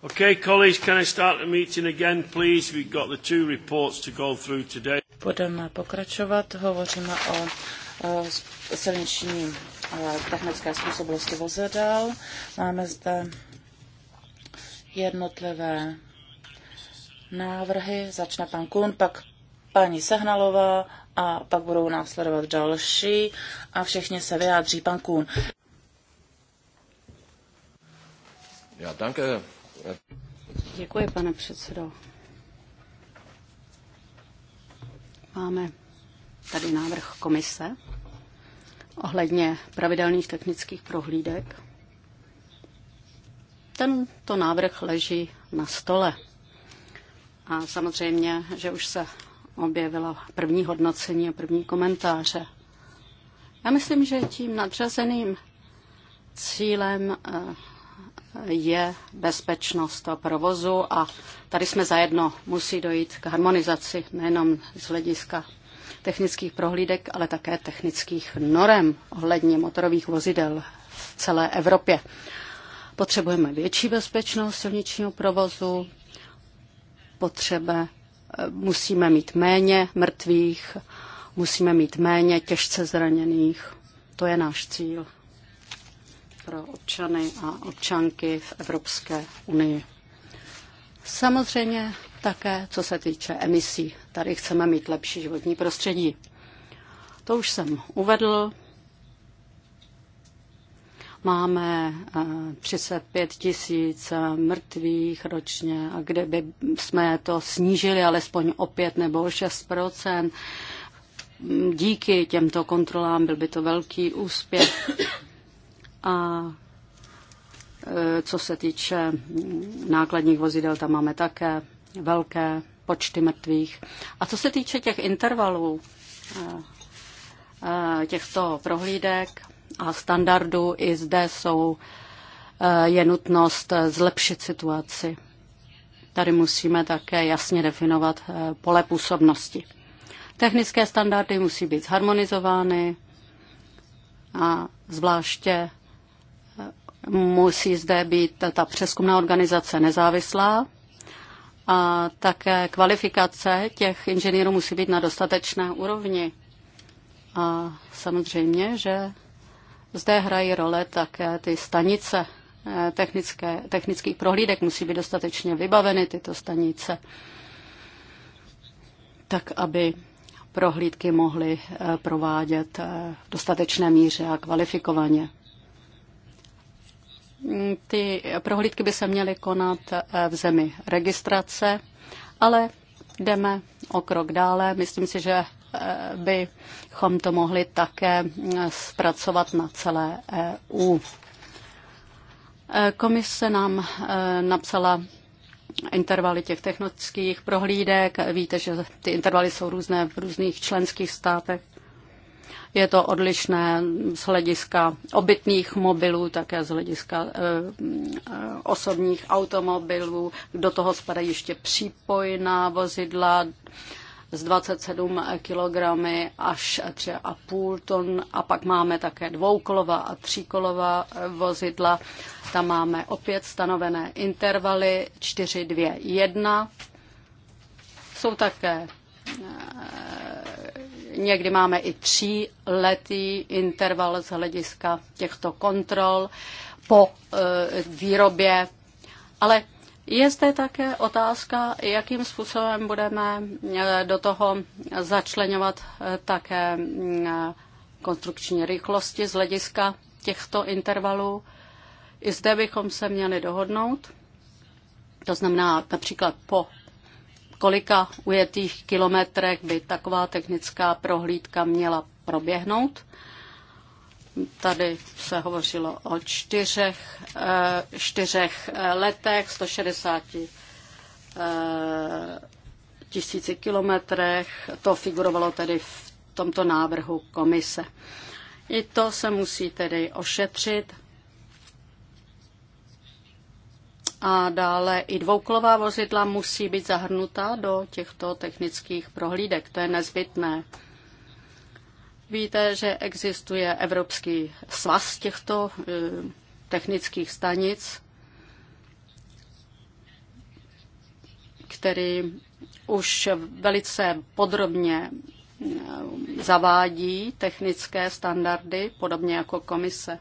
Okay, colleagues, can I start the meeting again, please? We've got the two reports to go through today. Budeme pokračovat, hovoříme o, o silniční technické způsobilosti vozidel. Máme zde jednotlivé návrhy. Začne pan Kun, pak paní Sehnalová a pak budou následovat další a všichni se vyjádří pan Kun. Ja, danke, Děkuji, pane předsedo. Máme tady návrh komise ohledně pravidelných technických prohlídek. Tento návrh leží na stole. A samozřejmě, že už se objevila první hodnocení a první komentáře. Já myslím, že tím nadřazeným cílem eh, je bezpečnost a provozu a tady jsme zajedno. Musí dojít k harmonizaci nejenom z hlediska technických prohlídek, ale také technických norem ohledně motorových vozidel v celé Evropě. Potřebujeme větší bezpečnost silničního provozu, potřebe, eh, musíme mít méně mrtvých, musíme mít méně těžce zraněných. To je náš cíl pro občany a občanky v Evropské unii. Samozřejmě také, co se týče emisí. Tady chceme mít lepší životní prostředí. To už jsem uvedl. Máme 35 eh, tisíc eh, mrtvých ročně a kdyby jsme to snížili alespoň o 5 nebo o 6 díky těmto kontrolám byl by to velký úspěch. A e, co se týče nákladních vozidel, tam máme také velké počty mrtvých. A co se týče těch intervalů, e, e, těchto prohlídek a standardů, i zde jsou, je nutnost zlepšit situaci. Tady musíme také jasně definovat pole působnosti. Technické standardy musí být harmonizovány a zvláště Musí zde být ta přeskumná organizace nezávislá a také kvalifikace těch inženýrů musí být na dostatečné úrovni. A samozřejmě, že zde hrají role také ty stanice eh, technické, technických prohlídek. Musí být dostatečně vybaveny tyto stanice, tak aby prohlídky mohly eh, provádět eh, v dostatečné míře a kvalifikovaně. Mm, ty prohlídky by se měly konat eh, v zemi registrace, ale jdeme o krok dále. Myslím si, že eh, bychom to mohli také mm, zpracovat na celé EU. Eh, komise nám napsala intervaly těch technických prohlídek. Víte, že ty intervaly jsou různé v různých členských státech. Je to odlišné z hlediska obytných mobilů, také z hlediska eh, eh osobních automobilů. Do toho spadají ještě přípojná vozidla z 27 kg až 3,5 tun. A pak máme také dvoukolová a tříkolová eh, vozidla. Tam máme opět stanovené intervaly 4, 2, 1. Jsou také eh, Někdy máme i tříletý interval z hlediska těchto kontrol po e, výrobě. Ale je zde také otázka, jakým způsobem budeme e, do toho začlenovat e, také konstrukční rychlosti z hlediska těchto intervalů. I zde bychom se měli dohodnout. To znamená například po kolika ujetých kilometrech by taková technická prohlídka měla proběhnout. Tady se hovořilo o čtyřech, eh, čtyřech eh, letech, 160 eh, tisíci kilometrech. To figurovalo tedy v tomto návrhu komise. I to se musí tedy ošetřit a dále i dvoukolová vozidla musí být zahrnuta do těchto technických prohlídek. To je nezbytné. Víte, že existuje Evropský svaz těchto e, technických stanic, který už velice podrobně e, zavádí technické standardy, podobně jako komise.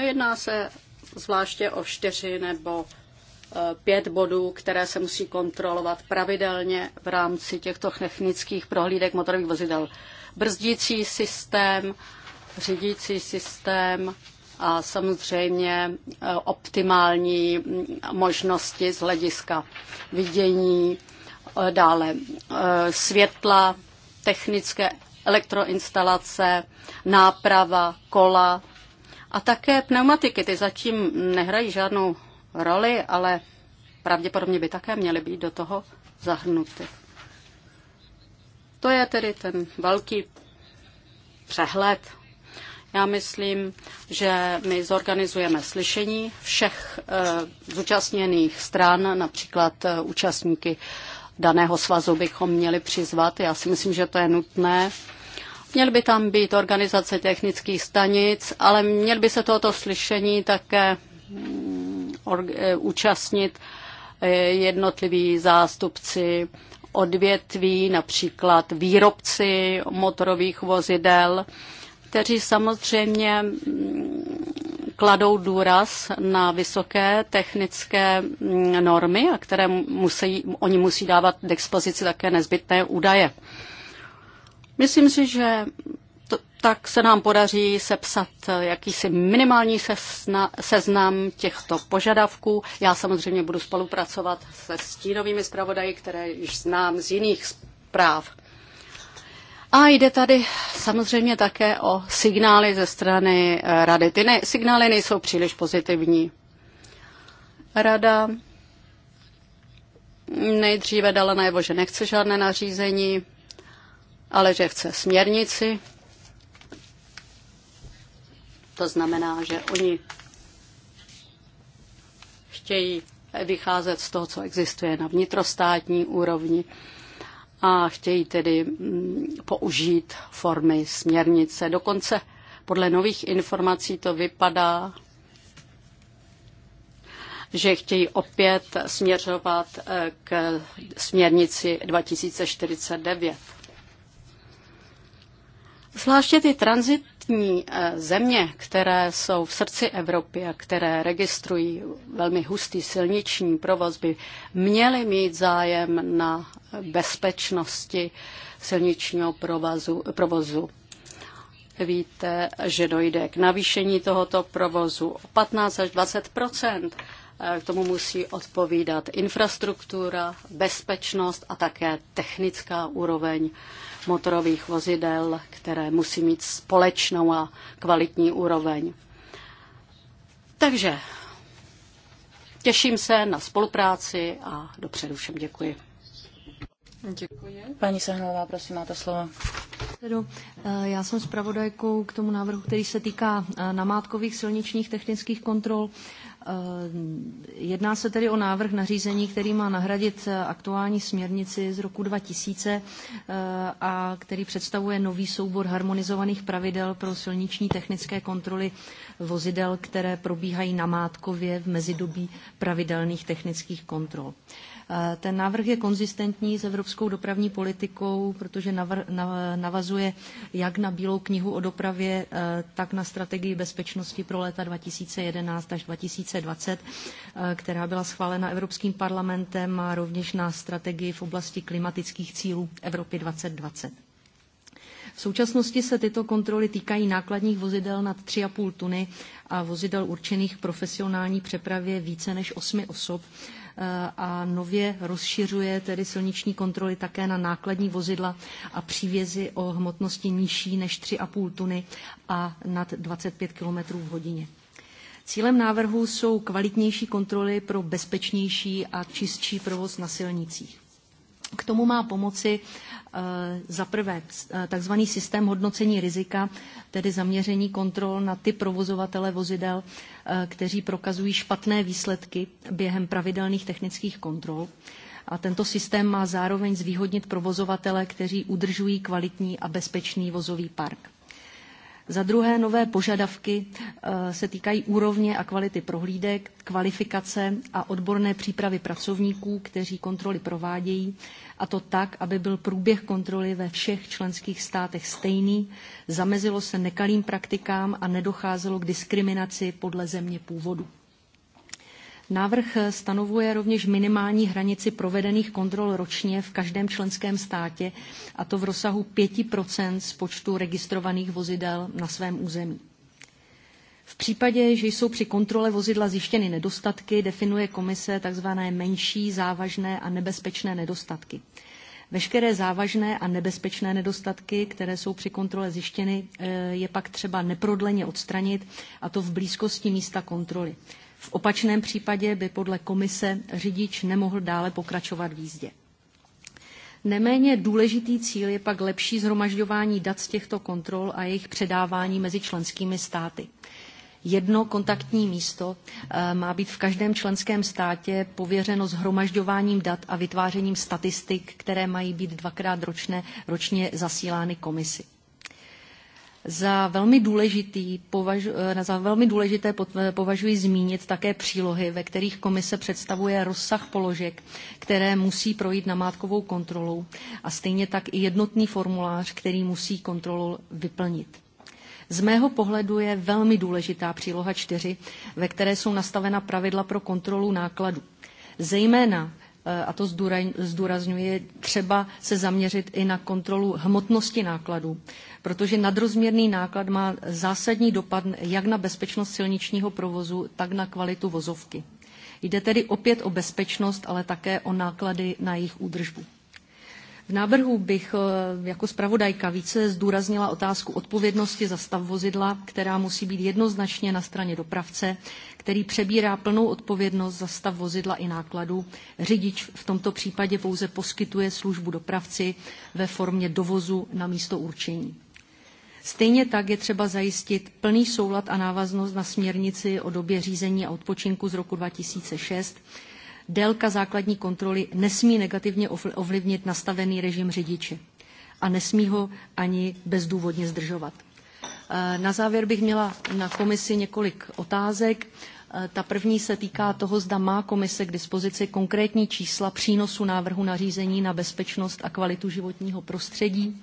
Jedná se zvláště o čtyři nebo e, pět bodů, které se musí kontrolovat pravidelně v rámci těchto technických prohlídek motorových vozidel. Brzdící systém, řídící systém a samozřejmě e, optimální mm, možnosti z hlediska vidění, e, dále světla, technické elektroinstalace, náprava, kola, a také pneumatiky, ty zatím nehrají žádnou roli, ale pravděpodobně by také měly být do toho zahrnuty. To je tedy ten velký přehled. Já myslím, že my zorganizujeme slyšení všech e, zúčastněných stran, například e, účastníky daného svazu bychom měli přizvat. Já si myslím, že to je nutné. Měly by tam být organizace technických stanic, ale měl by se tohoto slyšení také mm, eh, účastnit eh, jednotliví zástupci odvětví, například výrobci motorových vozidel, kteří samozřejmě mm, kladou důraz na vysoké technické mm, normy a které musí, oni musí dávat k dispozici také nezbytné údaje. Myslím si, že to, tak se nám podaří sepsat jakýsi minimální sesna, seznam těchto požadavků. Já samozřejmě budu spolupracovat se stínovými zpravodaji, které již znám z jiných zpráv. A jde tady samozřejmě také o signály ze strany eh, rady. Ty ne, signály nejsou příliš pozitivní. Rada nejdříve dala najevo, že nechce žádné nařízení ale že chce směrnici. To znamená, že oni chtějí vycházet z toho, co existuje na vnitrostátní úrovni a chtějí tedy mm, použít formy směrnice. Dokonce podle nových informací to vypadá, že chtějí opět směřovat eh, k směrnici 2049. Zvláště ty transitní eh, země, které jsou v srdci Evropy a které registrují velmi hustý silniční provoz, by měly mít zájem na bezpečnosti silničního provozu. provozu. Víte, že dojde k navýšení tohoto provozu o 15 až 20 eh, k tomu musí odpovídat infrastruktura, bezpečnost a také technická úroveň motorových vozidel, které musí mít společnou a kvalitní úroveň. Takže těším se na spolupráci a dopředu všem děkuji. Děkuji. Paní Sehnalová, prosím, máte slovo. Eh, já jsem zpravodajkou k tomu návrhu, který se týká eh, namátkových silničních technických kontrol. Eh, jedná se tedy o návrh nařízení, který má nahradit eh, aktuální směrnici z roku 2000 eh, a který představuje nový soubor harmonizovaných pravidel pro silniční technické kontroly vozidel, které probíhají namátkově v mezidobí pravidelných technických kontrol. Ten návrh je konzistentní s evropskou dopravní politikou, protože navazuje jak na Bílou knihu o dopravě, e, tak na strategii bezpečnosti pro léta 2011 až 2020, e, která byla schválena Evropským parlamentem a rovněž na strategii v oblasti klimatických cílů Evropy 2020. V současnosti se tyto kontroly týkají nákladních vozidel nad 3,5 tuny a vozidel určených profesionální přepravě více než 8 osob Eh, a nově rozšiřuje tedy silniční kontroly také na nákladní vozidla a přívězy o hmotnosti nižší než 3,5 tuny a nad 25 km v hodině. Cílem návrhu jsou kvalitnější kontroly pro bezpečnější a čistší provoz na silnicích. K tomu má pomoci eh, za prvé eh, takzvaný systém hodnocení rizika, tedy zaměření kontrol na ty provozovatele vozidel, eh, kteří prokazují špatné výsledky během pravidelných technických kontrol. A tento systém má zároveň zvýhodnit provozovatele, kteří udržují kvalitní a bezpečný vozový park. Za druhé, nové požadavky eh, se týkají úrovně a kvality prohlídek, kvalifikace a odborné přípravy pracovníků, kteří kontroly provádějí, a to tak, aby byl průběh kontroly ve všech členských státech stejný, zamezilo se nekalým praktikám a nedocházelo k diskriminaci podle země původu. Návrh stanovuje rovněž minimální hranici provedených kontrol ročně v každém členském státě, a to v rozsahu 5 z počtu registrovaných vozidel na svém území. V případě, že jsou při kontrole vozidla zjištěny nedostatky, definuje komise tzv. menší, závažné a nebezpečné nedostatky. Veškeré závažné a nebezpečné nedostatky, které jsou při kontrole zjištěny, eh, je pak třeba neprodleně odstranit, a to v blízkosti místa kontroly. V opačném případě by podle komise řidič nemohl dále pokračovat v jízdě. Neméně důležitý cíl je pak lepší zhromažďování dat z těchto kontrol a jejich předávání mezi členskými státy. Jedno kontaktní místo eh, má být v každém členském státě pověřeno zhromažďováním dat a vytvářením statistik, které mají být dvakrát ročně, ročně zasílány komisi. Za velmi, důležitý, považu, eh, za velmi důležité eh, považuji zmínit také přílohy, ve kterých komise představuje rozsah položek, které musí projít namátkovou kontrolou a stejně tak i jednotný formulář, který musí kontrolu vyplnit. Z mého pohledu je velmi důležitá příloha 4, ve které jsou nastavena pravidla pro kontrolu nákladů. Zejména Eh, a to zdůrazňuje, třeba se zaměřit i na kontrolu hmotnosti nákladů, protože nadrozměrný náklad má zásadní dopad jak na bezpečnost silničního provozu, tak na kvalitu vozovky. Jde tedy opět o bezpečnost, ale také o náklady na jejich údržbu. V návrhu bych eh, jako zpravodajka více zdůraznila otázku odpovědnosti za stav vozidla, která musí být jednoznačně na straně dopravce, který přebírá plnou odpovědnost za stav vozidla i nákladu. Řidič v tomto případě pouze poskytuje službu dopravci ve formě dovozu na místo určení. Stejně tak je třeba zajistit plný soulad a návaznost na směrnici o době řízení a odpočinku z roku 2006, délka základní kontroly nesmí negativně ovlivnit nastavený režim řidiče a nesmí ho ani bezdůvodně zdržovat. Eh, na závěr bych měla na komisi několik otázek. Eh, ta první se týká toho, zda má komise k dispozici konkrétní čísla přínosu návrhu nařízení na bezpečnost a kvalitu životního prostředí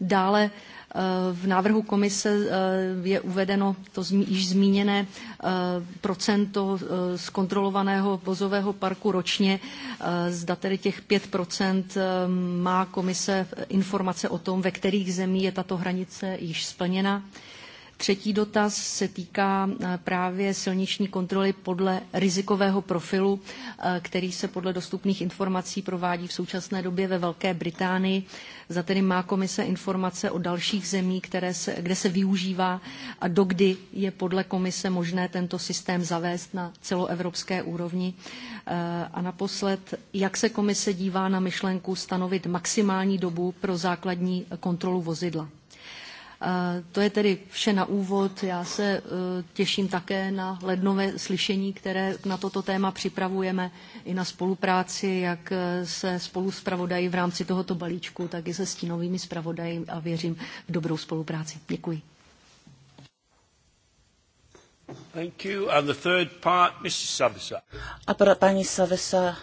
Dále eh, v návrhu komise eh, je uvedeno to již zmíněné eh, procento z kontrolovaného vozového parku ročně. Zda tedy těch 5 má komise informace o tom, ve kterých zemích je tato hranice již splněna. Třetí dotaz se týká eh, právě silniční kontroly podle rizikového profilu, eh, který se podle dostupných informací provádí v současné době ve Velké Británii. Za tedy má komise informace o dalších zemích, které se, kde se využívá a dokdy je podle komise možné tento systém zavést na celoevropské úrovni. Eh, a naposled, jak se komise dívá na myšlenku stanovit maximální dobu pro základní kontrolu vozidla. Eh, to je tedy vše na úvod. Já se eh, těším také na lednové slyšení, které na toto téma připravujeme, i na spolupráci, jak eh, se spolu zpravodají v rámci tohoto balíčku, tak i se stínovými zpravodají a věřím v dobrou spolupráci. Děkuji. Thank you. And the third part, Mrs. Savisa. A pro paní Savisa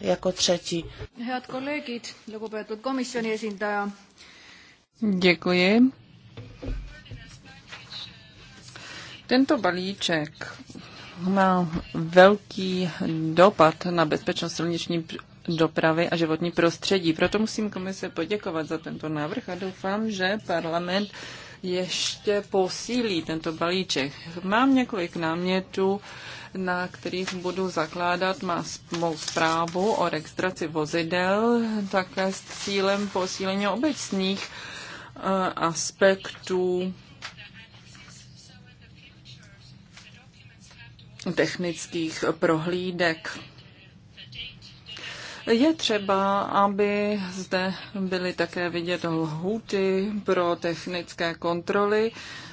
jako třetí. Head kolegit, lugupeetud esindaja. Děkuji. Tento balíček má velký dopad na bezpečnost silniční dopravy a životní prostředí. Proto musím komise poděkovat za tento návrh a doufám, že parlament ještě posílí tento balíček. Mám několik námětů, na kterých budu zakládat má mou zprávu o registraci vozidel, také s cílem posílení obecných eh, aspektů technických prohlídek. Je třeba, aby zde byly také vidět lhuty pro technické kontroly.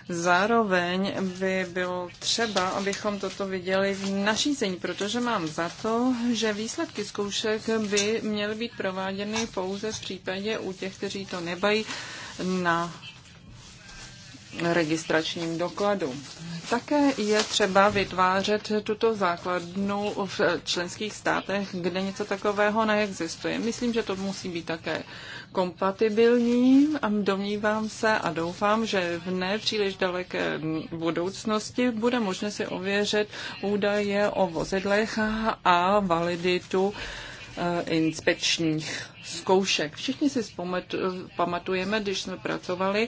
Zároveň by bylo třeba, abychom toto viděli v nařízení, protože mám za to, že výsledky zkoušek by měly být prováděny pouze v případě u těch, kteří to nebají na registračním dokladu. Také je třeba vytvářet tuto základnu v členských státech, kde něco takového neexistuje. Myslím, že to musí být také kompatibilní a domnívám se a doufám, že v nepříliš daleké budoucnosti bude možné si ověřit údaje o vozidlech a validitu eh, inspekčních zkoušek. Všichni si pamatujeme, když jsme pracovali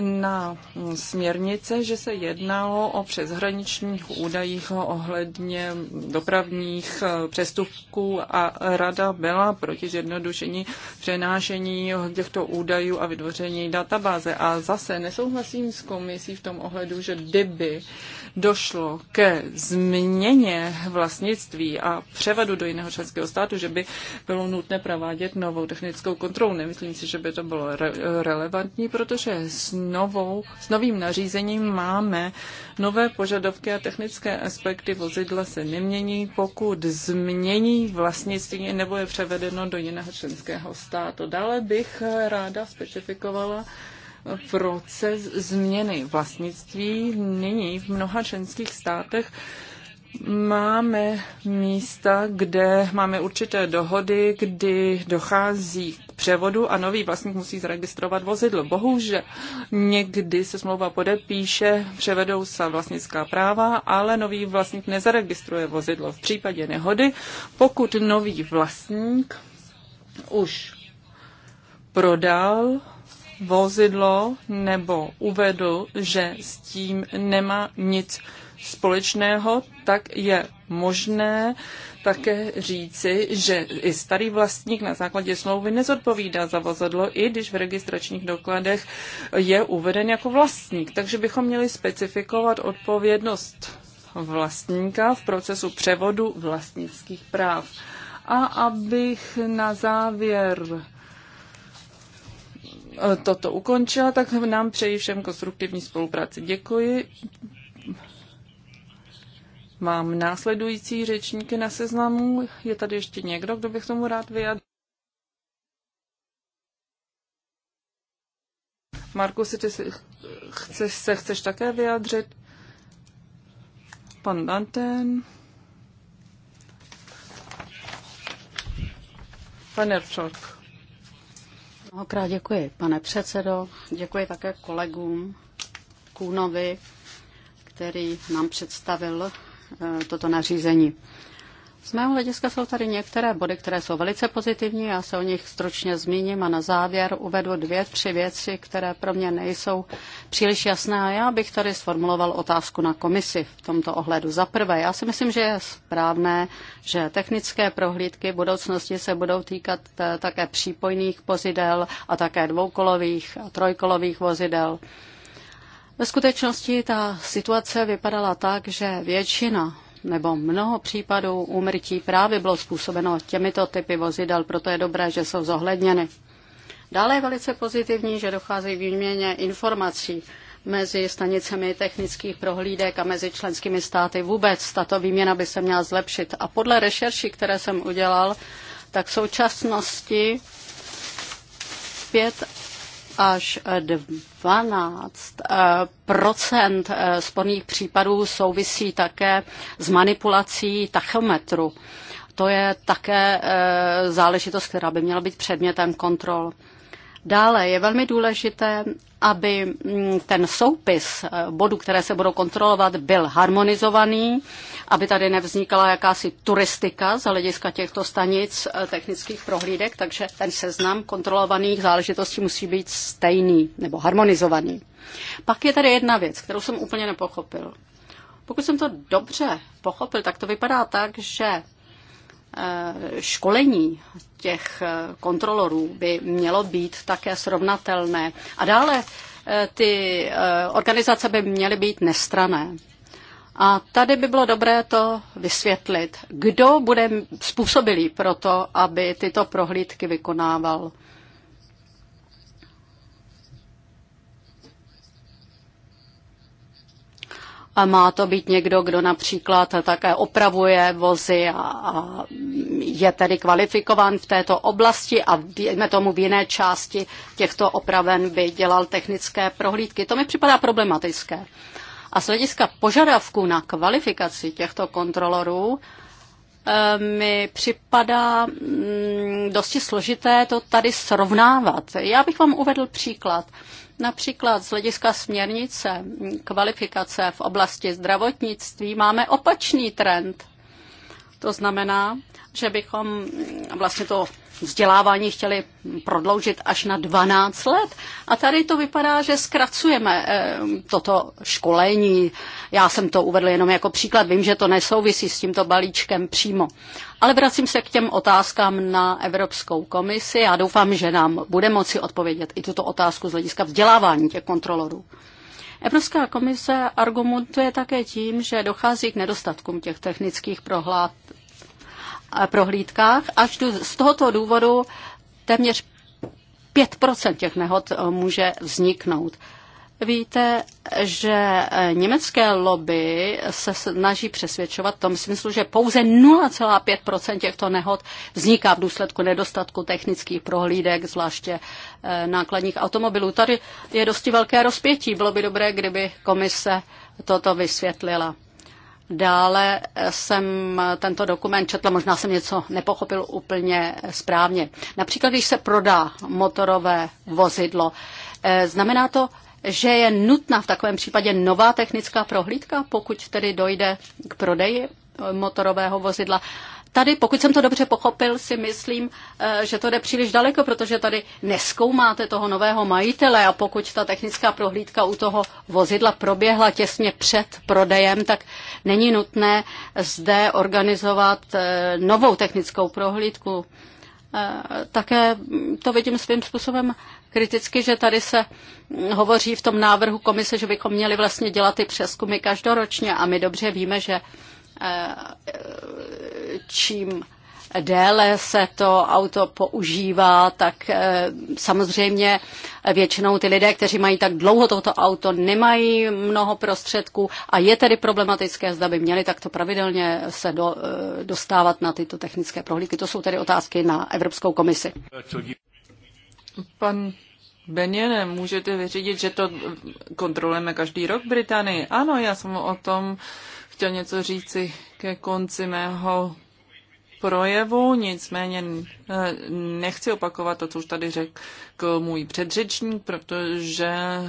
na směrnice, že se jednalo o přeshraničních údajích ohledně dopravních eh, přestupků a rada byla proti zjednodušení přenášení těchto údajů a vytvoření databáze. A zase nesouhlasím s komisí v tom ohledu, že kdyby došlo ke změně vlastnictví a převodu do jiného členského státu, že by bylo nutné provádět novou technickou kontrolu. Nemyslím si, že by to bylo re- relevantní, protože s, novou, s novým nařízením máme nové požadovky a technické aspekty vozidla se nemění, pokud změní vlastnictví nebo je převedeno do jiného členského státu. Dále bych ráda specifikovala, proces změny vlastnictví nyní v mnoha členských státech Máme místa, kde máme určité dohody, kdy dochází k převodu a nový vlastník musí zaregistrovat vozidlo. Bohužel někdy se smlouva podepíše, převedou se vlastnická práva, ale nový vlastník nezaregistruje vozidlo. V případě nehody, pokud nový vlastník už prodal vozidlo nebo uvedl, že s tím nemá nic společného, tak je možné také říci, že i starý vlastník na základě smlouvy nezodpovídá za vozidlo, i když v registračních dokladech je uveden jako vlastník. Takže bychom měli specifikovat odpovědnost vlastníka v procesu převodu vlastnických práv. A abych na závěr eh, toto ukončila, tak nám přeji všem konstruktivní spolupráci. Děkuji. Mám následující řečníky na seznamu. Je tady ještě někdo, kdo by k tomu rád vyjadřil? Marku, si ty si, chceš, se chceš také vyjádřit? Pan Danten. Pan Erčok. Mnohokrát děkuji, pane předsedo. Děkuji také kolegům Kůnovi, který nám představil E, toto nařízení. Z mého hlediska jsou tady některé body, které jsou velice pozitivní, já se o nich stručně zmíním a na závěr uvedu dvě, tři věci, které pro mě nejsou příliš jasné a já bych tady sformuloval otázku na komisi v tomto ohledu. Za prvé, já si myslím, že je správné, že technické prohlídky v budoucnosti se budou týkat e, také přípojných vozidel a také dvoukolových a trojkolových vozidel. Ve skutečnosti ta situace vypadala tak, že většina nebo mnoho případů úmrtí právě bylo způsobeno těmito typy vozidel, proto je dobré, že jsou zohledněny. Dále je velice pozitivní, že dochází k výměně informací mezi stanicemi technických prohlídek a mezi členskými státy vůbec. Tato výměna by se měla zlepšit. A podle rešerší, které jsem udělal, tak v současnosti 5 až 12 eh, eh, sporných případů souvisí také s manipulací tachometru. To je také eh, záležitost, která by měla být předmětem kontrol. Dále je velmi důležité, aby mm, ten soupis eh, bodů, které se budou kontrolovat, byl harmonizovaný, aby tady nevznikala jakási turistika z hlediska těchto stanic eh, technických prohlídek, takže ten seznam kontrolovaných záležitostí musí být stejný nebo harmonizovaný. Pak je tady jedna věc, kterou jsem úplně nepochopil. Pokud jsem to dobře pochopil, tak to vypadá tak, že Eh, školení těch eh, kontrolorů by mělo být také srovnatelné. A dále eh, ty organizace by měly být nestrané. A tady by bylo dobré to vysvětlit. Kdo bude způsobilý pro to, aby tyto prohlídky vykonával? A má to být někdo, kdo například také opravuje vozy a, a je tedy kvalifikován v této oblasti a víme tomu v jiné části těchto opraven by dělal technické prohlídky. To mi připadá problematické. A z hlediska požadavků na kvalifikaci těchto kontrolorů eh, mi připadá mm, dosti složité to tady srovnávat. Já bych vám uvedl příklad. Například z hlediska směrnice kvalifikace v oblasti zdravotnictví máme opačný trend. To znamená, že bychom vlastně to vzdělávání chtěli prodloužit až na 12 let. A tady to vypadá, že zkracujeme eh, toto školení. Já jsem to uvedl jenom jako příklad, vím, že to nesouvisí s tímto balíčkem přímo. Ale vracím se k těm otázkám na Evropskou komisi. Já doufám, že nám bude moci odpovědět i tuto otázku z hlediska vzdělávání těch kontrolorů. Evropská komise argumentuje také tím, že dochází k nedostatkům těch technických prohlád, Eh, prohlídkách, až z tohoto důvodu téměř 5% těch nehod eh, může vzniknout. Víte, že eh, německé lobby se snaží přesvědčovat v tom smyslu, že pouze 0,5 těchto nehod vzniká v důsledku nedostatku technických prohlídek, zvláště nákladních automobilů. Tady je dosti velké rozpětí. Bylo by dobré, kdyby komise toto vysvětlila. Dále eh, jsem eh, tento dokument četla, možná jsem něco nepochopil úplně eh, správně. Například, když se prodá motorové vozidlo, znamená to, že je nutná v takovém případě nová technická prohlídka, pokud tedy dojde k prodeji motorového vozidla. Tady, pokud jsem to dobře pochopil, si myslím, eh, že to jde příliš daleko, protože tady neskoumáte toho nového majitele a pokud ta technická prohlídka u toho vozidla proběhla těsně před prodejem, tak není nutné zde organizovat eh, novou technickou prohlídku. Eh, také to vidím svým způsobem kriticky, že tady se hm, hovoří v tom návrhu komise, že bychom měli vlastně dělat ty přeskumy každoročně a my dobře víme, že čím déle se to auto používá, tak eh, samozřejmě většinou ty lidé, kteří mají tak dlouho toto auto, nemají mnoho prostředků a je tedy problematické, zda by měli takto pravidelně se do, eh, dostávat na tyto technické prohlídky. To jsou tedy otázky na Evropskou komisi. Pan Beněne, můžete vyřídit, že to kontrolujeme každý rok v Británii? Ano, já jsem o tom chtěl něco říci ke konci mého projevu, nicméně eh, nechci opakovat to, co už tady řekl můj předřečník, protože eh,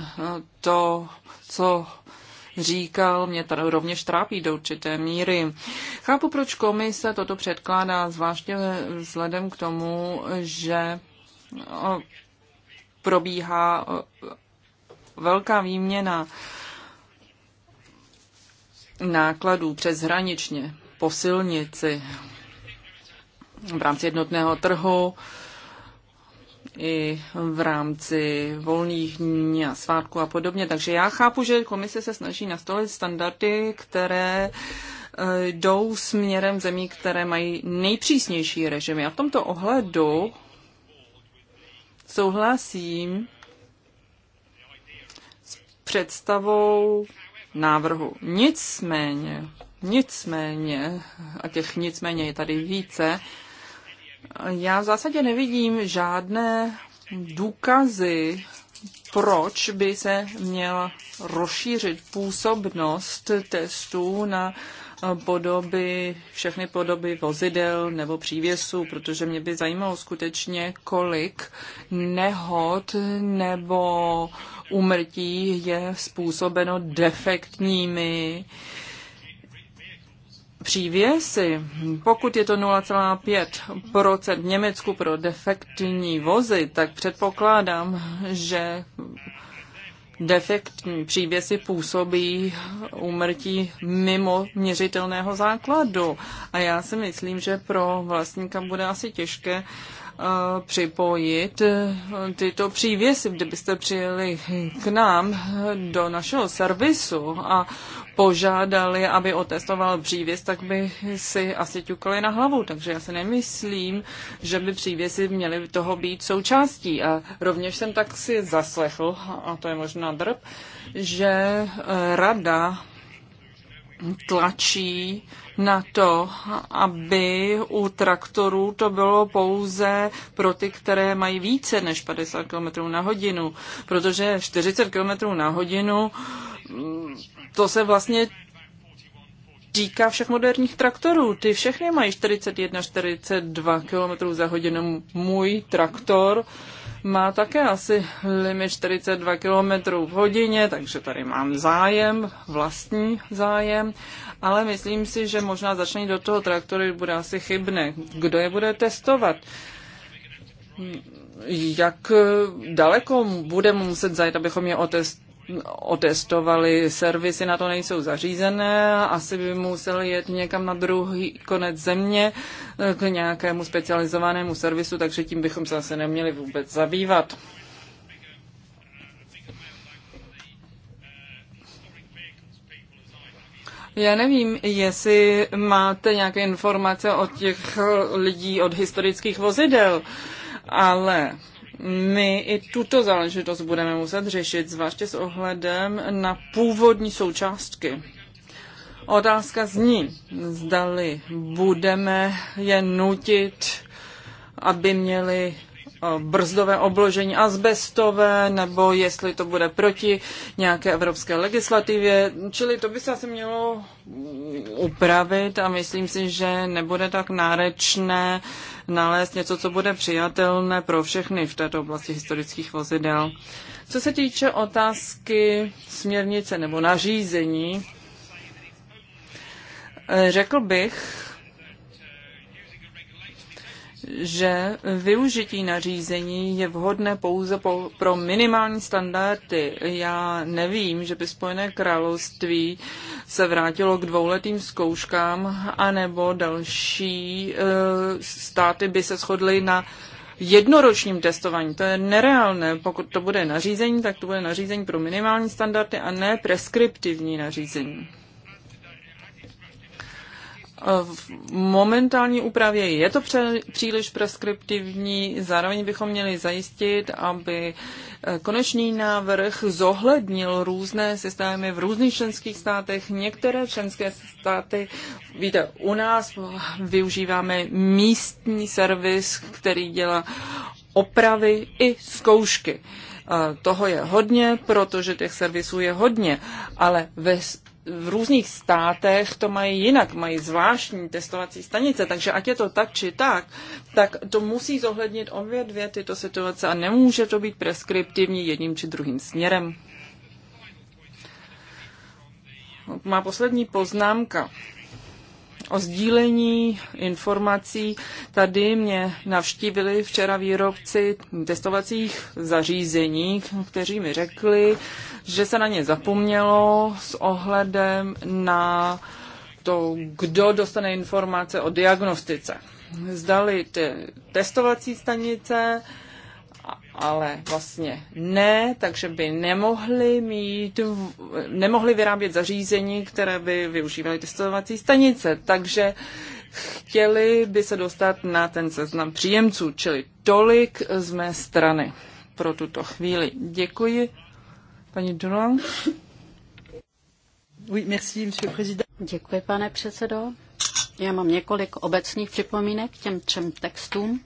to, co říkal, mě tady rovněž trápí do určité míry. Chápu, proč komise toto předkládá, zvláště vzhledem k tomu, že probíhá velká výměna nákladů přes hraničně po silnici v rámci jednotného trhu i v rámci volných dní a svátků a podobně. Takže já chápu, že komise se snaží nastolit standardy, které eh, jdou směrem zemí, které mají nejpřísnější režimy. A v tomto ohledu souhlasím s představou návrhu. Nicméně, nicméně, a těch nicméně je tady více, já v zásadě nevidím žádné důkazy, proč by se měla rozšířit působnost testů na eh, podoby, všechny podoby vozidel nebo přívěsů, protože mě by zajímalo skutečně, kolik nehod nebo umrtí je způsobeno defektními uh, přívěsy, pokud je to 0,5% v Německu pro defektní vozy, tak předpokládám, že defektní přívěsy působí úmrtí mimo měřitelného základu. A já si myslím, že pro vlastníka bude asi těžké připojit eh, tyto přívěsy, kdybyste přijeli k nám eh, do našeho servisu a požádali, aby otestoval přívěs, tak by si asi ťukali na hlavu. Takže já si nemyslím, že by přívěsy měly toho být součástí. A rovněž jsem tak si zaslechl, a to je možná drb, že eh, rada tlačí na to, aby u traktorů to bylo pouze pro ty, které mají více než 50 km na hodinu, protože 40 km na hodinu mm, to se vlastně týká všech moderních traktorů. Ty všechny mají 41, 42 km za hodinu. Můj traktor uh, má také asi limit 42 km v hodině, takže tady mám zájem, vlastní zájem, ale myslím si, že možná začne do toho traktory bude asi chybné. Kdo je bude testovat? Jak daleko budeme muset zajít, abychom je otestovali? otestovali, servisy na to nejsou zařízené, asi by museli jet někam na druhý konec země eh, k nějakému specializovanému servisu, takže tím bychom se asi neměli vůbec zabývat. Já nevím, jestli máte nějaké informace od těch lidí od historických vozidel, ale my i tuto záležitost budeme muset řešit, zvláště s ohledem na původní součástky. Otázka zní, zdali budeme je nutit, aby měli eh, brzdové obložení asbestové, nebo jestli to bude proti nějaké evropské legislativě. Čili to by se asi mělo upravit a myslím si, že nebude tak náročné uh, nalézt něco, co bude přijatelné pro všechny v této oblasti historických vozidel. Co se týče otázky směrnice nebo nařízení, řekl bych, že využití nařízení je vhodné pouze po, pro minimální standardy. Já nevím, že by Spojené království se vrátilo k dvouletým zkouškám, anebo další e, státy by se shodly na jednoročním testování. To je nereálné. Pokud to bude nařízení, tak to bude nařízení pro minimální standardy a ne preskriptivní nařízení v momentální úpravě je to pře- příliš preskriptivní, zároveň bychom měli zajistit, aby eh, konečný návrh zohlednil různé systémy v různých členských státech. Některé členské státy, víte, u nás využíváme místní servis, který dělá opravy i zkoušky. Eh, toho je hodně, protože těch servisů je hodně, ale ve v různých státech to mají jinak, mají zvláštní testovací stanice, takže ať je to tak či tak, tak to musí zohlednit obě dvě tyto situace a nemůže to být preskriptivní jedním či druhým směrem. Má poslední poznámka o sdílení informací. Tady mě navštívili včera výrobci testovacích zařízení, kteří mi řekli, že se na ně zapomnělo s ohledem na to, kdo dostane informace o diagnostice. Zdali ty testovací stanice, ale vlastně ne, takže by nemohli mít, nemohli vyrábět zařízení, které by využívaly testovací stanice, takže chtěli by se dostat na ten seznam příjemců, čili tolik z mé strany pro tuto chvíli. Děkuji. Paní Donald. Oui, merci, Děkuji, pane předsedo. Já mám několik obecných připomínek k těm třem textům.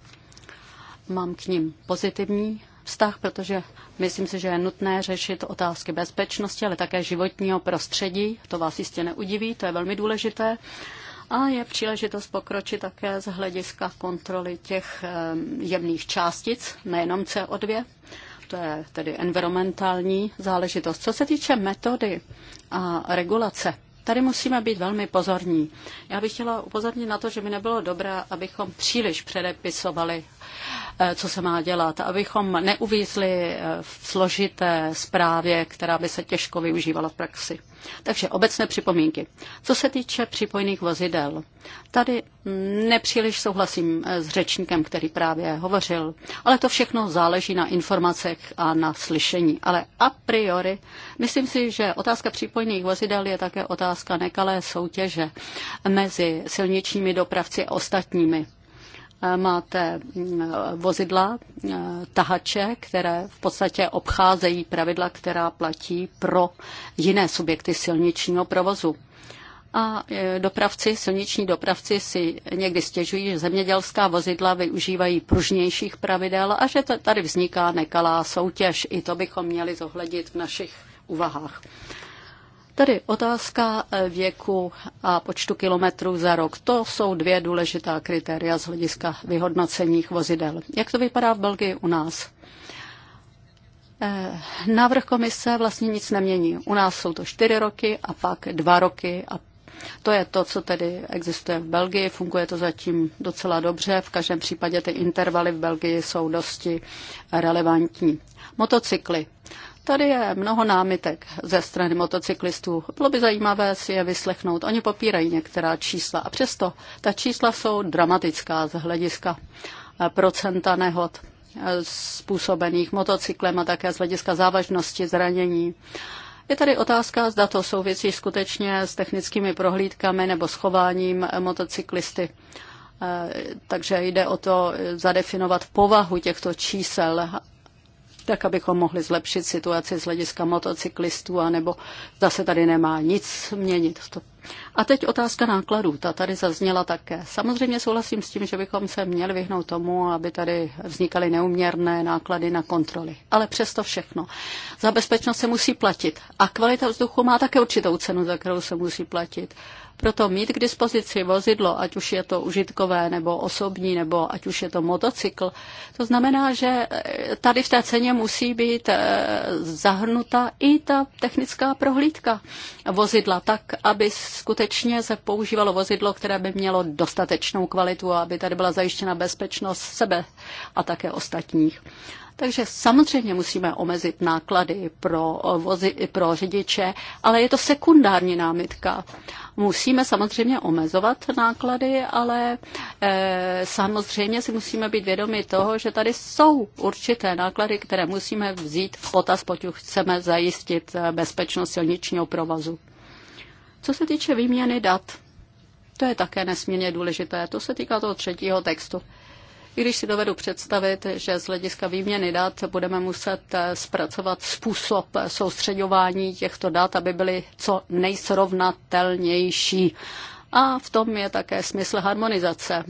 Mám k ním pozitivní vztah, protože myslím si, že je nutné řešit otázky bezpečnosti, ale také životního prostředí. To vás jistě neudiví, to je velmi důležité. A je příležitost pokročit také z hlediska kontroly těch jemných částic, nejenom CO2. To je tedy environmentální záležitost. Co se týče metody a regulace, tady musíme být velmi pozorní. Já bych chtěla upozornit na to, že by nebylo dobré, abychom příliš předepisovali, eh, co se má dělat, abychom neuvízli eh, v složité zprávě, která by se těžko využívala v praxi. Takže obecné připomínky. Co se týče připojených vozidel, tady nepříliš souhlasím eh, s řečníkem, který právě hovořil, ale to všechno záleží na informacech a na slyšení. Ale a priori, myslím si, že otázka připojených vozidel je také otázka nekalé soutěže mezi silničními dopravci a ostatními máte mm, vozidla, mm, tahače, které v podstatě obcházejí pravidla, která platí pro jiné subjekty silničního provozu. A e, dopravci, silniční dopravci si někdy stěžují, že zemědělská vozidla využívají pružnějších pravidel a že tady vzniká nekalá soutěž. I to bychom měli zohlednit v našich úvahách. Tedy otázka eh, věku a počtu kilometrů za rok. To jsou dvě důležitá kritéria z hlediska vyhodnoceních vozidel. Jak to vypadá v Belgii u nás? Eh, návrh komise vlastně nic nemění. U nás jsou to čtyři roky a pak dva roky a to je to, co tedy existuje v Belgii, funguje to zatím docela dobře, v každém případě ty intervaly v Belgii jsou dosti relevantní. Motocykly. Tady je mnoho námitek ze strany motocyklistů. Bylo by zajímavé si je vyslechnout. Oni popírají některá čísla a přesto ta čísla jsou dramatická z hlediska eh, procenta nehod eh, způsobených motocyklem a také z hlediska závažnosti zranění. Je tady otázka, zda to souvisí skutečně s technickými prohlídkami nebo schováním eh, motocyklisty. Takže jde o to zadefinovat povahu těchto čísel tak abychom mohli zlepšit situaci z hlediska motocyklistů, anebo zase tady nemá nic měnit. To. A teď otázka nákladů, ta tady zazněla také. Samozřejmě souhlasím s tím, že bychom se měli vyhnout tomu, aby tady vznikaly neuměrné náklady na kontroly. Ale přesto všechno. Za bezpečnost se musí platit. A kvalita vzduchu má také určitou cenu, za kterou se musí platit. Proto mít k dispozici vozidlo, ať už je to užitkové nebo osobní, nebo ať už je to motocykl, to znamená, že eh, tady v té ceně musí být eh, zahrnuta i ta technická prohlídka vozidla, tak, aby skutečně se používalo vozidlo, které by mělo dostatečnou kvalitu a aby tady byla zajištěna bezpečnost sebe a také ostatních. Takže samozřejmě musíme omezit náklady pro, eh, vozy, pro řidiče, ale je to sekundární námitka. Musíme samozřejmě omezovat náklady, ale e, samozřejmě si musíme být vědomi toho, že tady jsou určité náklady, které musíme vzít v potaz, pokud chceme zajistit eh, bezpečnost silničního provozu. Co se týče výměny dat, to je také nesmírně důležité. To se týká toho třetího textu. I když si dovedu představit, že z hlediska výměny dat budeme muset eh, zpracovat způsob eh, soustředování těchto dat, aby byly co nejsrovnatelnější. A v tom je také smysl harmonizace.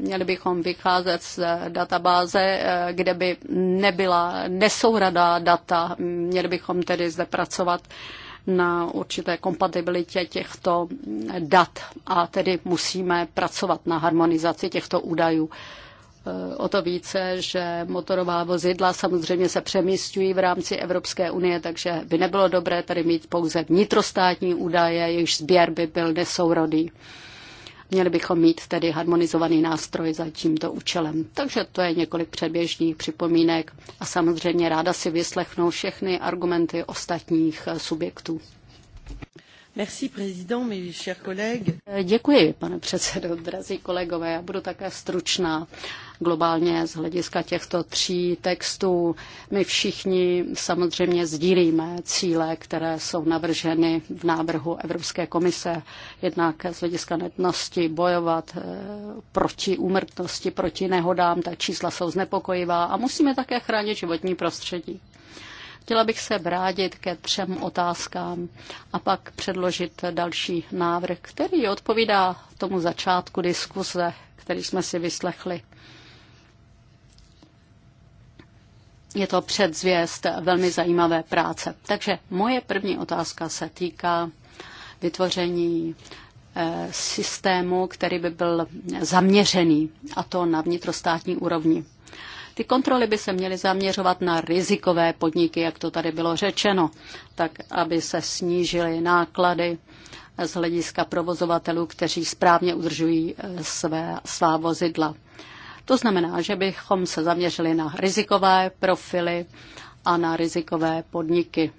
Měli bychom vycházet z databáze, eh, kde by nebyla nesouradá data. Měli bychom tedy zde pracovat na určité kompatibilitě těchto mm, dat a tedy musíme pracovat na harmonizaci těchto údajů o to více, že motorová vozidla samozřejmě se přemístují v rámci Evropské unie, takže by nebylo dobré tady mít pouze vnitrostátní údaje, jejichž sběr by byl nesourodý. Měli bychom mít tedy harmonizovaný nástroj za tímto účelem. Takže to je několik předběžných připomínek a samozřejmě ráda si vyslechnou všechny argumenty ostatních subjektů. Eh, děkuji, pane předsedo, drazí kolegové. Já budu také stručná globálně z hlediska těchto tří textů. My všichni samozřejmě sdílíme cíle, které jsou navrženy v návrhu Evropské komise, jednak z hlediska netnosti bojovat eh, proti úmrtnosti, proti nehodám, ta čísla jsou znepokojivá a musíme také chránit životní prostředí. Chtěla bych se vrátit ke třem otázkám a pak předložit další návrh, který odpovídá tomu začátku diskuse, který jsme si vyslechli. Je to předzvěst velmi zajímavé práce. Takže moje první otázka se týká vytvoření eh, systému, který by byl zaměřený, a to na vnitrostátní úrovni. Ty kontroly by se měly zaměřovat na rizikové podniky, jak to tady bylo řečeno, tak aby se snížily náklady z hlediska provozovatelů, kteří správně udržují eh, své, svá vozidla. To znamená, že bychom se zaměřili na rizikové profily a na rizikové podniky.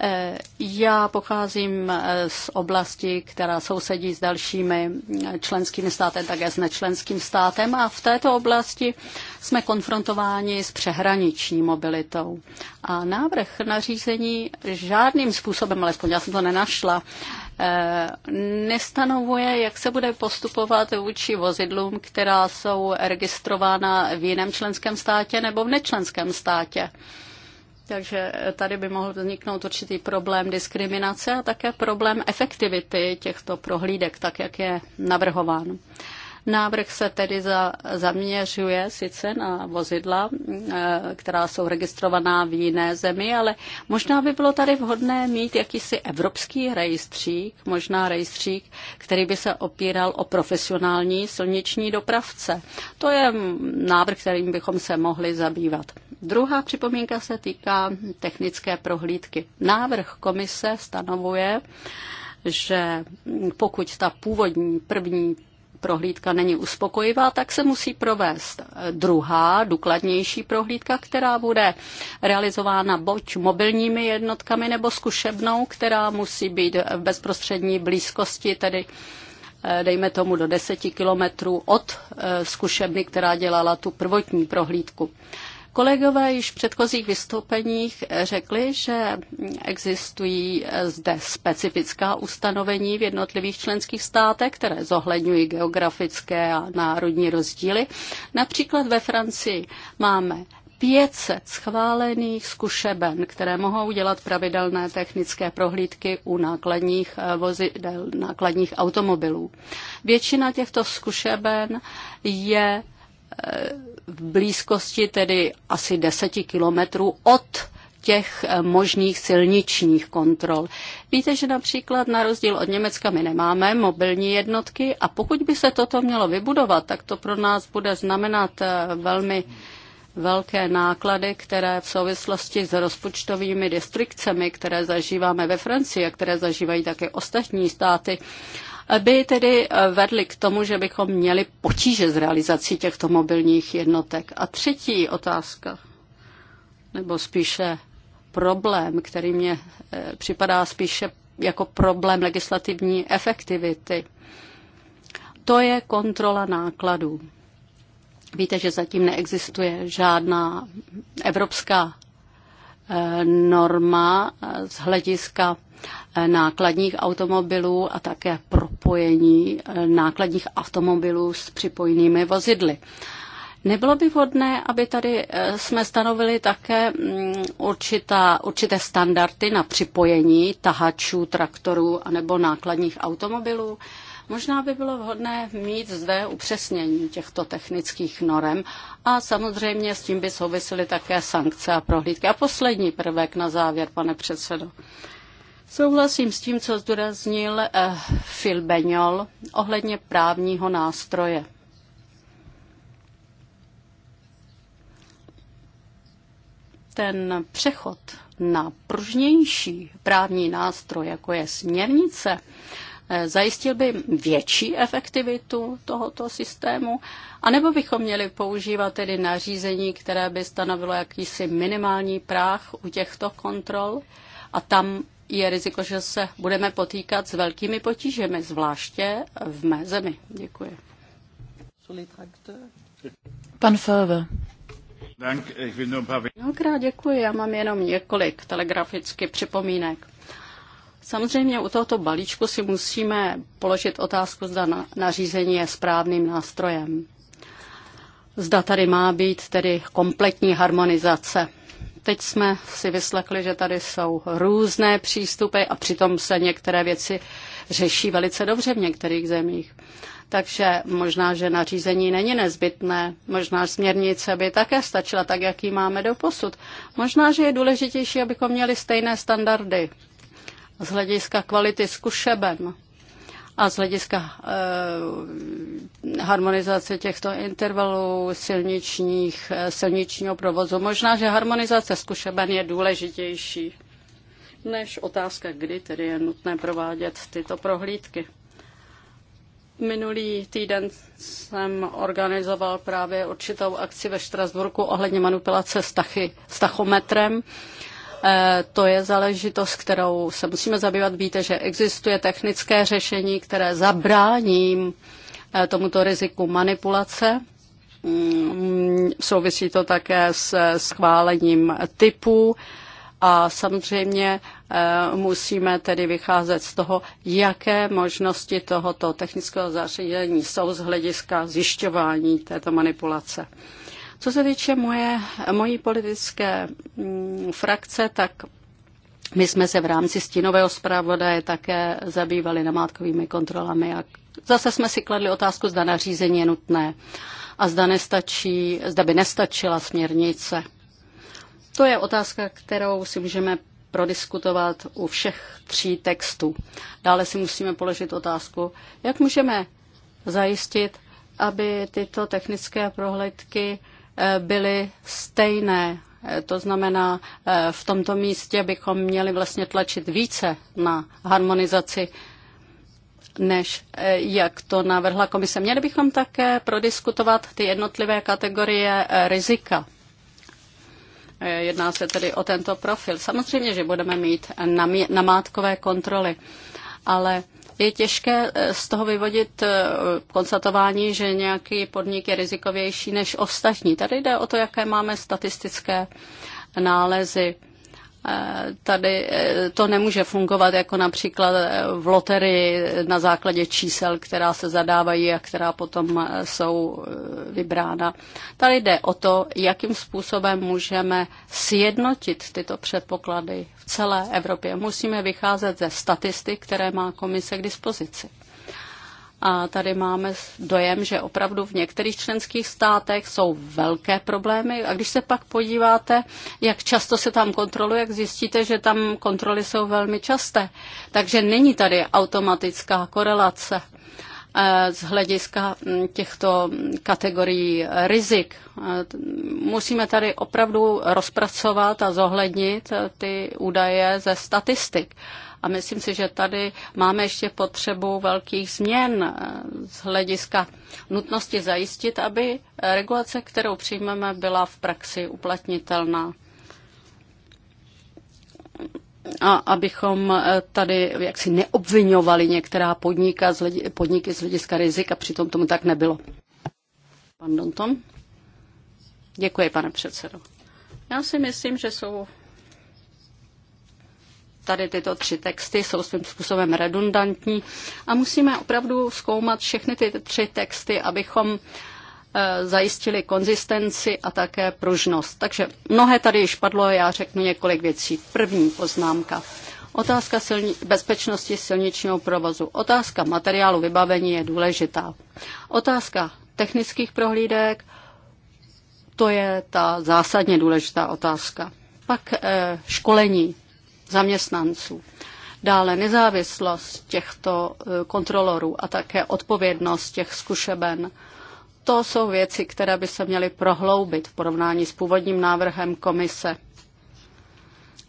Eh, já pocházím eh, z oblasti, která sousedí s dalšími eh, členskými státy, také s nečlenským státem a v této oblasti jsme konfrontováni s přehraniční mobilitou. A návrh nařízení žádným způsobem, alespoň já jsem to nenašla, nestanovuje, jak se bude postupovat vůči vozidlům, která jsou registrována v jiném členském státě nebo v nečlenském státě. Takže tady by mohl vzniknout určitý problém diskriminace a také problém efektivity těchto prohlídek, tak jak je navrhováno. Návrh se tedy za, zaměřuje sice na vozidla, eh, která jsou registrovaná v jiné zemi, ale možná by bylo tady vhodné mít jakýsi evropský rejstřík, možná rejstřík, který by se opíral o profesionální silniční dopravce. To je návrh, kterým bychom se mohli zabývat. Druhá připomínka se týká technické prohlídky. Návrh komise stanovuje, že pokud ta původní první prohlídka není uspokojivá, tak se musí provést druhá, důkladnější prohlídka, která bude realizována buď mobilními jednotkami nebo zkušebnou, která musí být v bezprostřední blízkosti, tedy eh, dejme tomu do deseti kilometrů od eh, zkušebny, která dělala tu prvotní prohlídku. Kolegové již v předchozích vystoupeních řekli, že existují zde specifická ustanovení v jednotlivých členských státech, které zohledňují geografické a národní rozdíly. Například ve Francii máme 500 schválených zkušeben, které mohou dělat pravidelné technické prohlídky u nákladních eh, vozidel, nákladních automobilů. Většina těchto zkušeben je v blízkosti tedy asi 10 kilometrů od těch eh, možných silničních kontrol. Víte, že například na rozdíl od Německa my nemáme mobilní jednotky a pokud by se toto mělo vybudovat, tak to pro nás bude znamenat eh, velmi velké náklady, které v souvislosti s rozpočtovými distrikcemi, které zažíváme ve Francii a které zažívají také ostatní státy, by tedy eh, vedly k tomu, že bychom měli potíže s realizací těchto mobilních jednotek. A třetí otázka, nebo spíše problém, který mě eh, připadá spíše jako problém legislativní efektivity, to je kontrola nákladů. Víte, že zatím neexistuje žádná evropská eh, norma z hlediska nákladních automobilů a také propojení eh, nákladních automobilů s připojenými vozidly. Nebylo by vhodné, aby tady eh, jsme stanovili také mm, určitá, určité standardy na připojení tahačů, traktorů anebo nákladních automobilů? Možná by bylo vhodné mít zde upřesnění těchto technických norem a samozřejmě s tím by souvisely také sankce a prohlídky. A poslední prvek na závěr, pane předsedo. Souhlasím s tím, co zdůraznil eh, Phil Beňol ohledně právního nástroje. Ten přechod na pružnější právní nástroj, jako je směrnice, eh, zajistil by větší efektivitu tohoto systému, anebo bychom měli používat tedy nařízení, které by stanovilo jakýsi minimální práh u těchto kontrol a tam je riziko, že se budeme potýkat s velkými potížemi, zvláště v mé zemi. Děkuji. Pan Felve. Eh, Mnohokrát děkuji, já mám jenom několik telegraficky připomínek. Samozřejmě u tohoto balíčku si musíme položit otázku, zda nařízení je správným nástrojem. Zda tady má být tedy kompletní harmonizace Teď jsme si vyslechli, že tady jsou různé přístupy a přitom se některé věci řeší velice dobře v některých zemích. Takže možná, že nařízení není nezbytné, možná směrnice by také stačila tak, jaký máme do posud. Možná, že je důležitější, abychom měli stejné standardy z hlediska kvality zkušeben a z hlediska e, harmonizace těchto intervalů silničních, eh, silničního provozu, možná, že harmonizace zkušeben je důležitější než otázka, kdy tedy je nutné provádět tyto prohlídky. Minulý týden jsem organizoval právě určitou akci ve Štrasburku ohledně manipulace s, tachy, s tachometrem. Eh, to je záležitost, kterou se musíme zabývat. Víte, že existuje technické řešení, které zabrání eh, tomuto riziku manipulace. Mm, souvisí to také s schválením typů a samozřejmě eh, musíme tedy vycházet z toho, jaké možnosti tohoto technického zařízení jsou z hlediska zjišťování této manipulace. Co se týče moje, mojí politické mm, frakce, tak my jsme se v rámci stínového zpravodaje také zabývali namátkovými kontrolami a zase jsme si kladli otázku, zda nařízení je nutné a zda, nestačí, zda by nestačila směrnice. To je otázka, kterou si můžeme prodiskutovat u všech tří textů. Dále si musíme položit otázku, jak můžeme zajistit, aby tyto technické prohledky byly stejné. To znamená, eh, v tomto místě bychom měli vlastně tlačit více na harmonizaci než eh, jak to navrhla komise. Měli bychom také prodiskutovat ty jednotlivé kategorie eh, rizika. Jedná se tedy o tento profil. Samozřejmě, že budeme mít namátkové kontroly, ale je těžké eh, z toho vyvodit eh, konstatování, že nějaký podnik je rizikovější než ostatní. Tady jde o to, jaké máme statistické nálezy. Eh, tady eh, to nemůže fungovat jako například eh, v loterii na základě čísel, která se zadávají a která potom jsou vybrána. Tady jde o to, jakým způsobem můžeme sjednotit tyto předpoklady v celé Evropě. Musíme vycházet ze statistik, které má komise k dispozici. A tady máme dojem, že opravdu v některých členských státech jsou velké problémy. A když se pak podíváte, jak často se tam kontroluje, jak zjistíte, že tam kontroly jsou velmi časté. Takže není tady automatická korelace eh, z hlediska hm, těchto kategorií eh, rizik. Eh, musíme tady opravdu rozpracovat a zohlednit ty údaje ze statistik. A myslím si, že tady máme ještě potřebu velkých změn eh, z hlediska nutnosti zajistit, aby regulace, kterou přijmeme, byla v praxi uplatnitelná a abychom eh, tady jaksi neobvinovali některá podnika z hledi- podniky z hlediska rizika, přitom tomu tak nebylo. Pan Donton? Děkuji, pane předsedo. Já si myslím, že jsou tady tyto tři texty jsou svým způsobem redundantní a musíme opravdu zkoumat všechny ty tři texty, abychom eh, zajistili konzistenci a také pružnost. Takže mnohé tady již padlo, já řeknu několik věcí. První poznámka. Otázka silni- bezpečnosti silničního provozu. Otázka materiálu vybavení je důležitá. Otázka technických prohlídek, to je ta zásadně důležitá otázka. Pak eh, školení zaměstnanců. Dále nezávislost těchto e, kontrolorů a také odpovědnost těch zkušeben. To jsou věci, které by se měly prohloubit v porovnání s původním návrhem komise.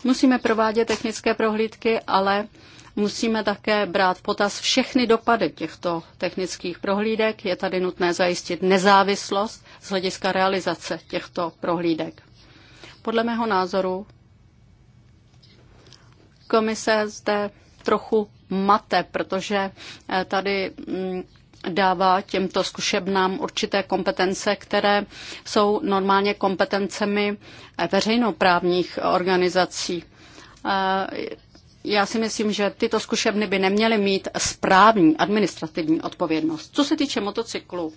Musíme provádět technické prohlídky, ale musíme také brát potaz všechny dopady těchto technických prohlídek. Je tady nutné zajistit nezávislost z hlediska realizace těchto prohlídek. Podle mého názoru Komise zde trochu mate, protože eh, tady mm, dává těmto zkušebnám určité kompetence, které jsou normálně kompetencemi eh, veřejnoprávních organizací. Eh, já si myslím, že tyto zkušebny by neměly mít správní administrativní odpovědnost. Co se týče motocyklu,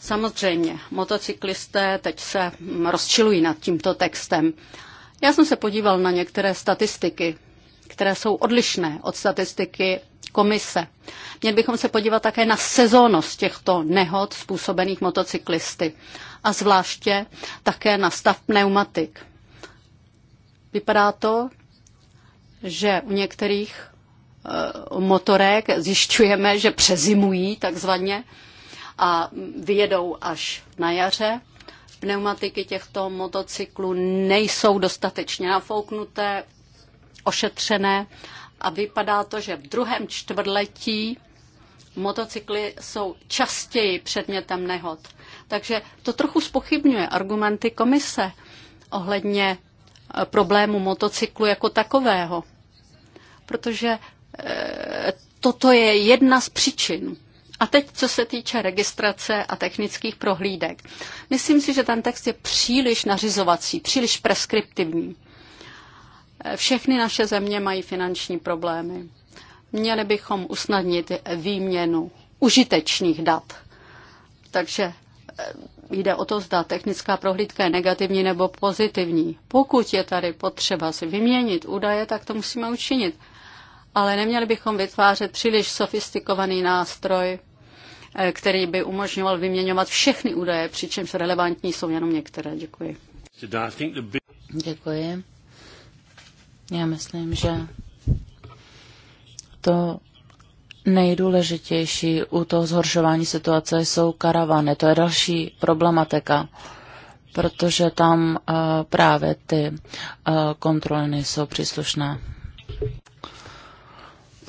samozřejmě, motocyklisté teď se mm, rozčilují nad tímto textem. Já jsem se podíval na některé statistiky které jsou odlišné od statistiky komise. Měli bychom se podívat také na sezónnost těchto nehod způsobených motocyklisty a zvláště také na stav pneumatik. Vypadá to, že u některých eh, motorek zjišťujeme, že přezimují takzvaně a vyjedou až na jaře. Pneumatiky těchto motocyklů nejsou dostatečně nafouknuté, ošetřené a vypadá to, že v druhém čtvrtletí motocykly jsou častěji předmětem nehod. Takže to trochu spochybňuje argumenty komise ohledně eh, problému motocyklu jako takového. Protože eh, toto je jedna z příčin. A teď, co se týče registrace a technických prohlídek. Myslím si, že ten text je příliš nařizovací, příliš preskriptivní. Všechny naše země mají finanční problémy. Měli bychom usnadnit výměnu užitečných dat. Takže e, jde o to, zda technická prohlídka je negativní nebo pozitivní. Pokud je tady potřeba si vyměnit údaje, tak to musíme učinit. Ale neměli bychom vytvářet příliš sofistikovaný nástroj, e, který by umožňoval vyměňovat všechny údaje, přičemž relevantní jsou jenom některé. Děkuji. Děkuji. Já myslím, že to nejdůležitější u toho zhoršování situace jsou karavany. To je další problematika, protože tam uh, právě ty uh, kontroly nejsou příslušné.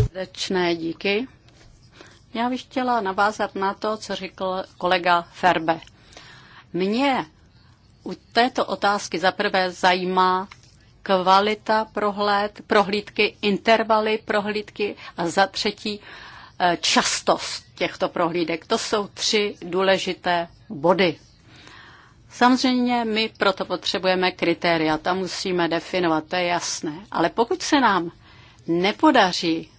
Srdečné díky. Já bych chtěla navázat na to, co řekl kolega Ferbe. Mně u této otázky zaprvé zajímá kvalita prohléd, prohlídky, intervaly prohlídky a za třetí eh, častost těchto prohlídek. To jsou tři důležité body. Samozřejmě my proto potřebujeme kritéria, tam musíme definovat, to je jasné. Ale pokud se nám nepodaří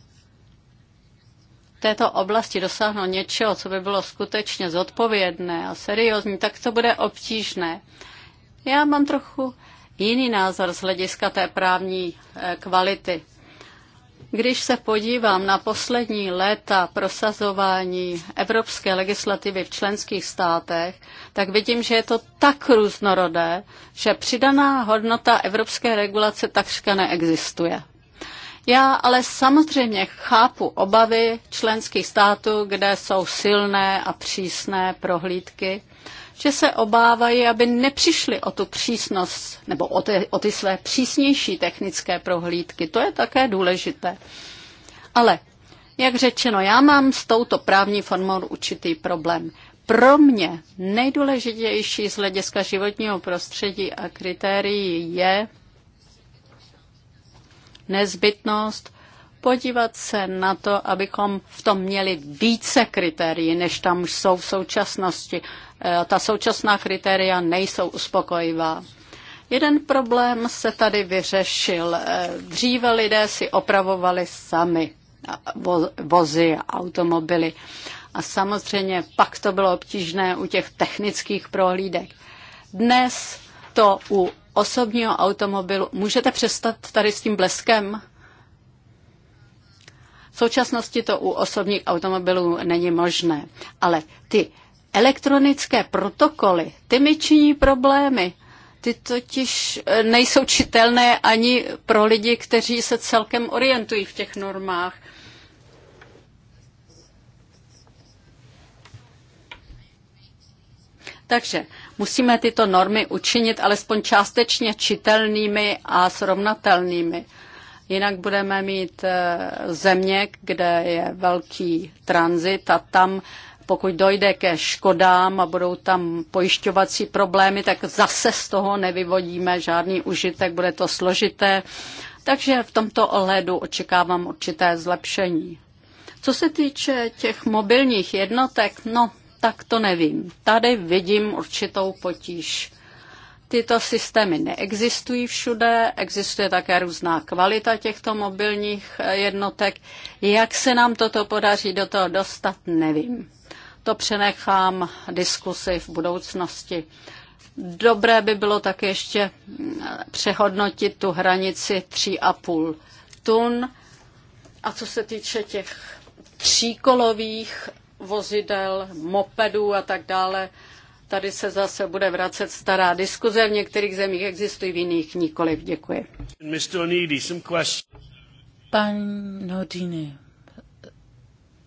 v této oblasti dosáhnout něčeho, co by bylo skutečně zodpovědné a seriózní, tak to bude obtížné. Já mám trochu jiný názor z hlediska té právní eh, kvality. Když se podívám na poslední léta prosazování evropské legislativy v členských státech, tak vidím, že je to tak různorodé, že přidaná hodnota evropské regulace takřka neexistuje. Já ale samozřejmě chápu obavy členských států, kde jsou silné a přísné prohlídky že se obávají, aby nepřišli o tu přísnost nebo o ty, o ty své přísnější technické prohlídky. To je také důležité. Ale, jak řečeno, já mám s touto právní formou určitý problém. Pro mě nejdůležitější z hlediska životního prostředí a kritérií je nezbytnost podívat se na to, abychom v tom měli více kritérií, než tam jsou v současnosti, Eh, ta současná kritéria nejsou uspokojivá. Jeden problém se tady vyřešil. Eh, dříve lidé si opravovali sami vozy a automobily. A samozřejmě pak to bylo obtížné u těch technických prohlídek. Dnes to u osobního automobilu. Můžete přestat tady s tím bleskem? V současnosti to u osobních automobilů není možné, ale ty Elektronické protokoly, ty mi činí problémy. Ty totiž eh, nejsou čitelné ani pro lidi, kteří se celkem orientují v těch normách. Takže musíme tyto normy učinit alespoň částečně čitelnými a srovnatelnými. Jinak budeme mít eh, země, kde je velký tranzit a tam pokud dojde ke škodám a budou tam pojišťovací problémy, tak zase z toho nevyvodíme žádný užitek, bude to složité. Takže v tomto ohledu očekávám určité zlepšení. Co se týče těch mobilních jednotek, no tak to nevím. Tady vidím určitou potíž. Tyto systémy neexistují všude, existuje také různá kvalita těchto mobilních jednotek. Jak se nám toto podaří do toho dostat, nevím. To přenechám diskusi v budoucnosti. Dobré by bylo také ještě mm, přehodnotit tu hranici 3,5 tun. A co se týče těch tříkolových vozidel, mopedů a tak dále, tady se zase bude vracet stará diskuze. V některých zemích existují, v jiných nikoliv. Děkuji. Pan Nodini,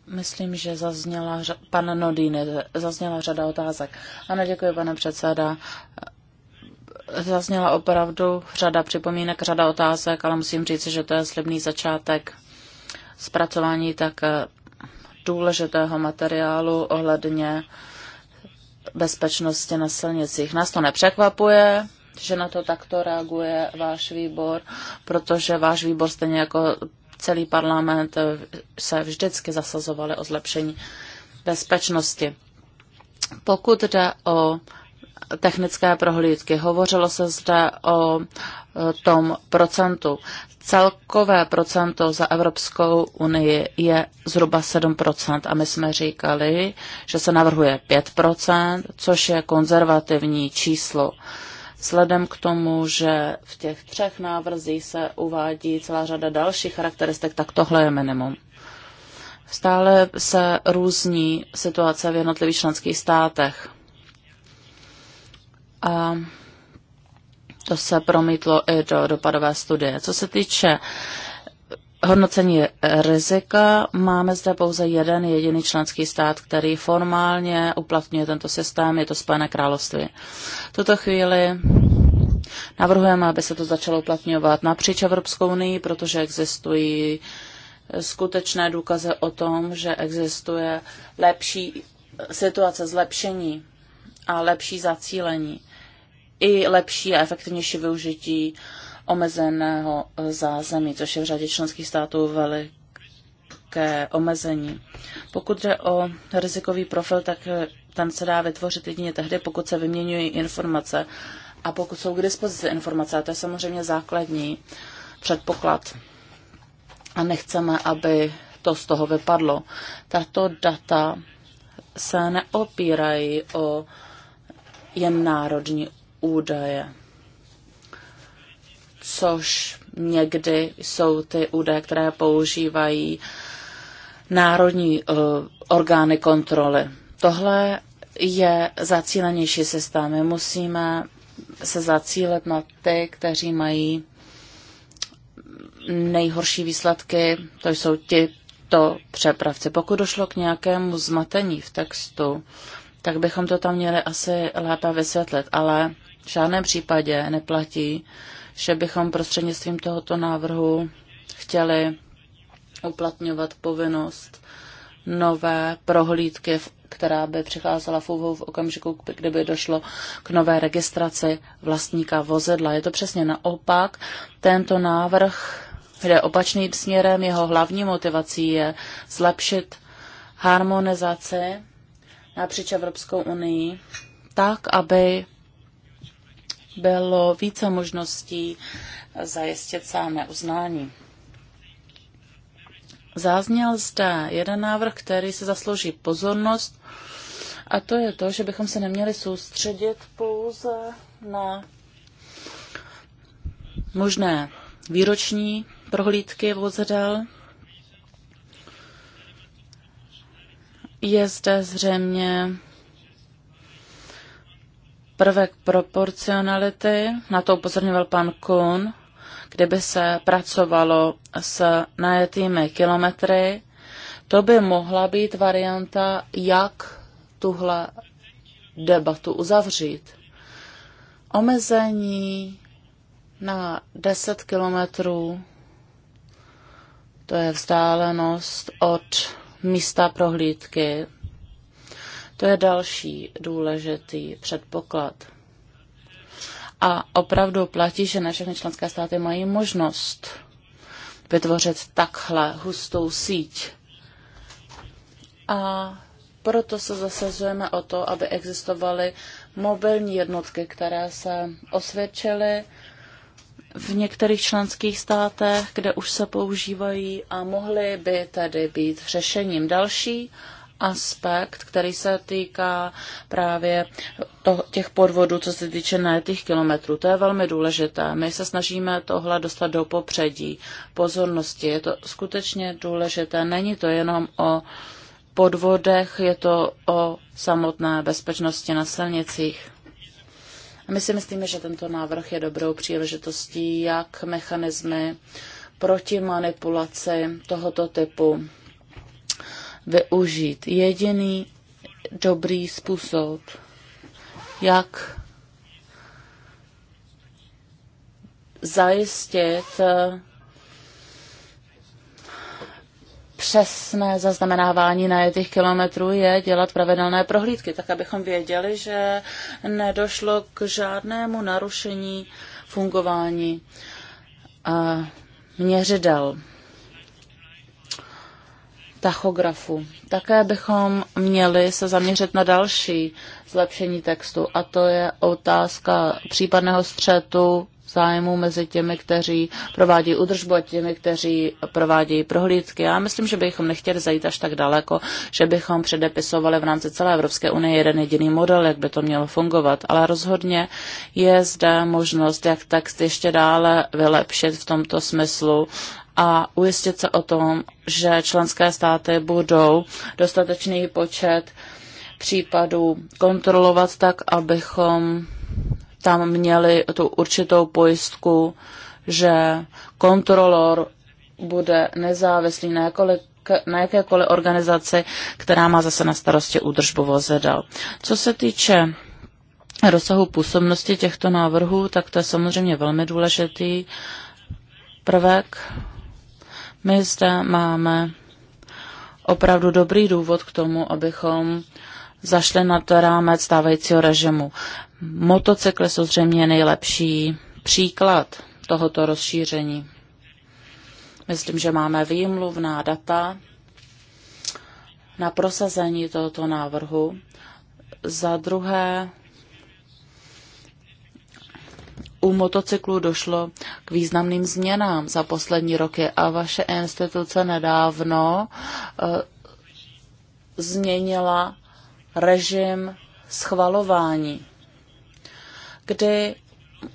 Myslím, že zazněla, pan Nodýne, zazněla řada otázek. Ano, děkuji, pane předseda. Zazněla opravdu řada připomínek, řada otázek, ale musím říct, že to je slibný začátek zpracování tak eh, důležitého materiálu ohledně bezpečnosti na silnicích. Nás to nepřekvapuje, že na to takto reaguje váš výbor, protože váš výbor stejně jako celý parlament se vždycky zasazovali o zlepšení bezpečnosti. Pokud jde o technické prohlídky, hovořilo se zde o e, tom procentu. Celkové procento za Evropskou unii je zhruba 7% a my jsme říkali, že se navrhuje 5%, což je konzervativní číslo. Uh, vzhledem k tomu, že v těch třech návrzích se uvádí celá řada dalších charakteristik, tak tohle je minimum. Stále se různí situace v jednotlivých členských státech. A to se promítlo i do dopadové studie. Co se týče uh, hodnocení rizika. Máme zde pouze jeden jediný členský stát, který formálně uplatňuje tento systém, je to Spojené království. V tuto chvíli navrhujeme, aby se to začalo uplatňovat napříč Evropskou unii, protože existují skutečné důkazy o tom, že existuje lepší situace zlepšení a lepší zacílení i lepší a efektivnější využití uh, omezeného eh, zázemí, což je v řadě členských států veliké omezení. Pokud jde o rizikový profil, tak eh, ten se dá vytvořit jedině tehdy, pokud se vyměňují informace a pokud jsou k dispozici informace. A to je samozřejmě základní předpoklad. A nechceme, aby to z toho vypadlo. Tato data se neopírají o jen národní údaje což někdy jsou ty údaje, které používají národní uh, orgány kontroly. Tohle je zacílenější systém. My musíme se zacílet na ty, kteří mají nejhorší výsledky, to jsou ti to přepravci. Pokud došlo k nějakému zmatení v textu, tak bychom to tam měli asi lépe vysvětlit, ale v žádném případě neplatí, že bychom prostřednictvím tohoto návrhu chtěli uplatňovat povinnost nové prohlídky, která by přicházela v úvahu v okamžiku, kdyby došlo k nové registraci vlastníka vozidla. Je to přesně naopak. Tento návrh jde opačným směrem. Jeho hlavní motivací je zlepšit harmonizaci napříč Evropskou unii tak, aby bylo více možností zajistit samé uznání. Zázněl zde jeden návrh, který se zaslouží pozornost, a to je to, že bychom se neměli soustředit pouze na možné výroční prohlídky vozidel. Je zde zřejmě prvek proporcionality, na to upozorňoval pan Kuhn, kdyby se pracovalo s najetými kilometry, to by mohla být varianta, jak tuhle debatu uzavřít. Omezení na 10 kilometrů, to je vzdálenost od místa prohlídky, to je další důležitý předpoklad. A opravdu platí, že ne všechny členské státy mají možnost vytvořit takhle hustou síť. A proto se zasazujeme o to, aby existovaly mobilní jednotky, které se osvědčily v některých členských státech, kde už se používají a mohly by tedy být řešením. Další aspekt, který se týká právě toho, těch podvodů, co se týče těch kilometrů. To je velmi důležité. My se snažíme tohle dostat do popředí pozornosti. Je to skutečně důležité. Není to jenom o podvodech, je to o samotné bezpečnosti na silnicích. A my si myslíme, že tento návrh je dobrou příležitostí, jak mechanismy proti manipulaci tohoto typu využít. Jediný dobrý způsob, jak zajistit eh, přesné zaznamenávání na těch kilometrů je dělat pravidelné prohlídky, tak abychom věděli, že nedošlo k žádnému narušení fungování eh, měřidel tachografu. Také bychom měli se zaměřit na další zlepšení textu, a to je otázka případného střetu zájmu mezi těmi, kteří provádí udržbu a těmi, kteří provádí prohlídky. Já myslím, že bychom nechtěli zajít až tak daleko, že bychom předepisovali v rámci celé Evropské unie jeden jediný model, jak by to mělo fungovat, ale rozhodně je zde možnost, jak text ještě dále vylepšit v tomto smyslu, a ujistit se o tom, že členské státy budou dostatečný počet případů kontrolovat tak, abychom tam měli tu určitou pojistku, že kontrolor bude nezávislý na, jakolik, na jakékoliv organizaci, která má zase na starosti údržbu vozidel. Co se týče rozsahu působnosti těchto návrhů, tak to je samozřejmě velmi důležitý prvek my zde máme opravdu dobrý důvod k tomu, abychom zašli na to rámec stávajícího režimu. Motocykly jsou zřejmě nejlepší příklad tohoto rozšíření. Myslím, že máme výmluvná data na prosazení tohoto návrhu. Za druhé, u motocyklu došlo k významným změnám za poslední roky a vaše instituce nedávno uh, změnila režim schvalování, kdy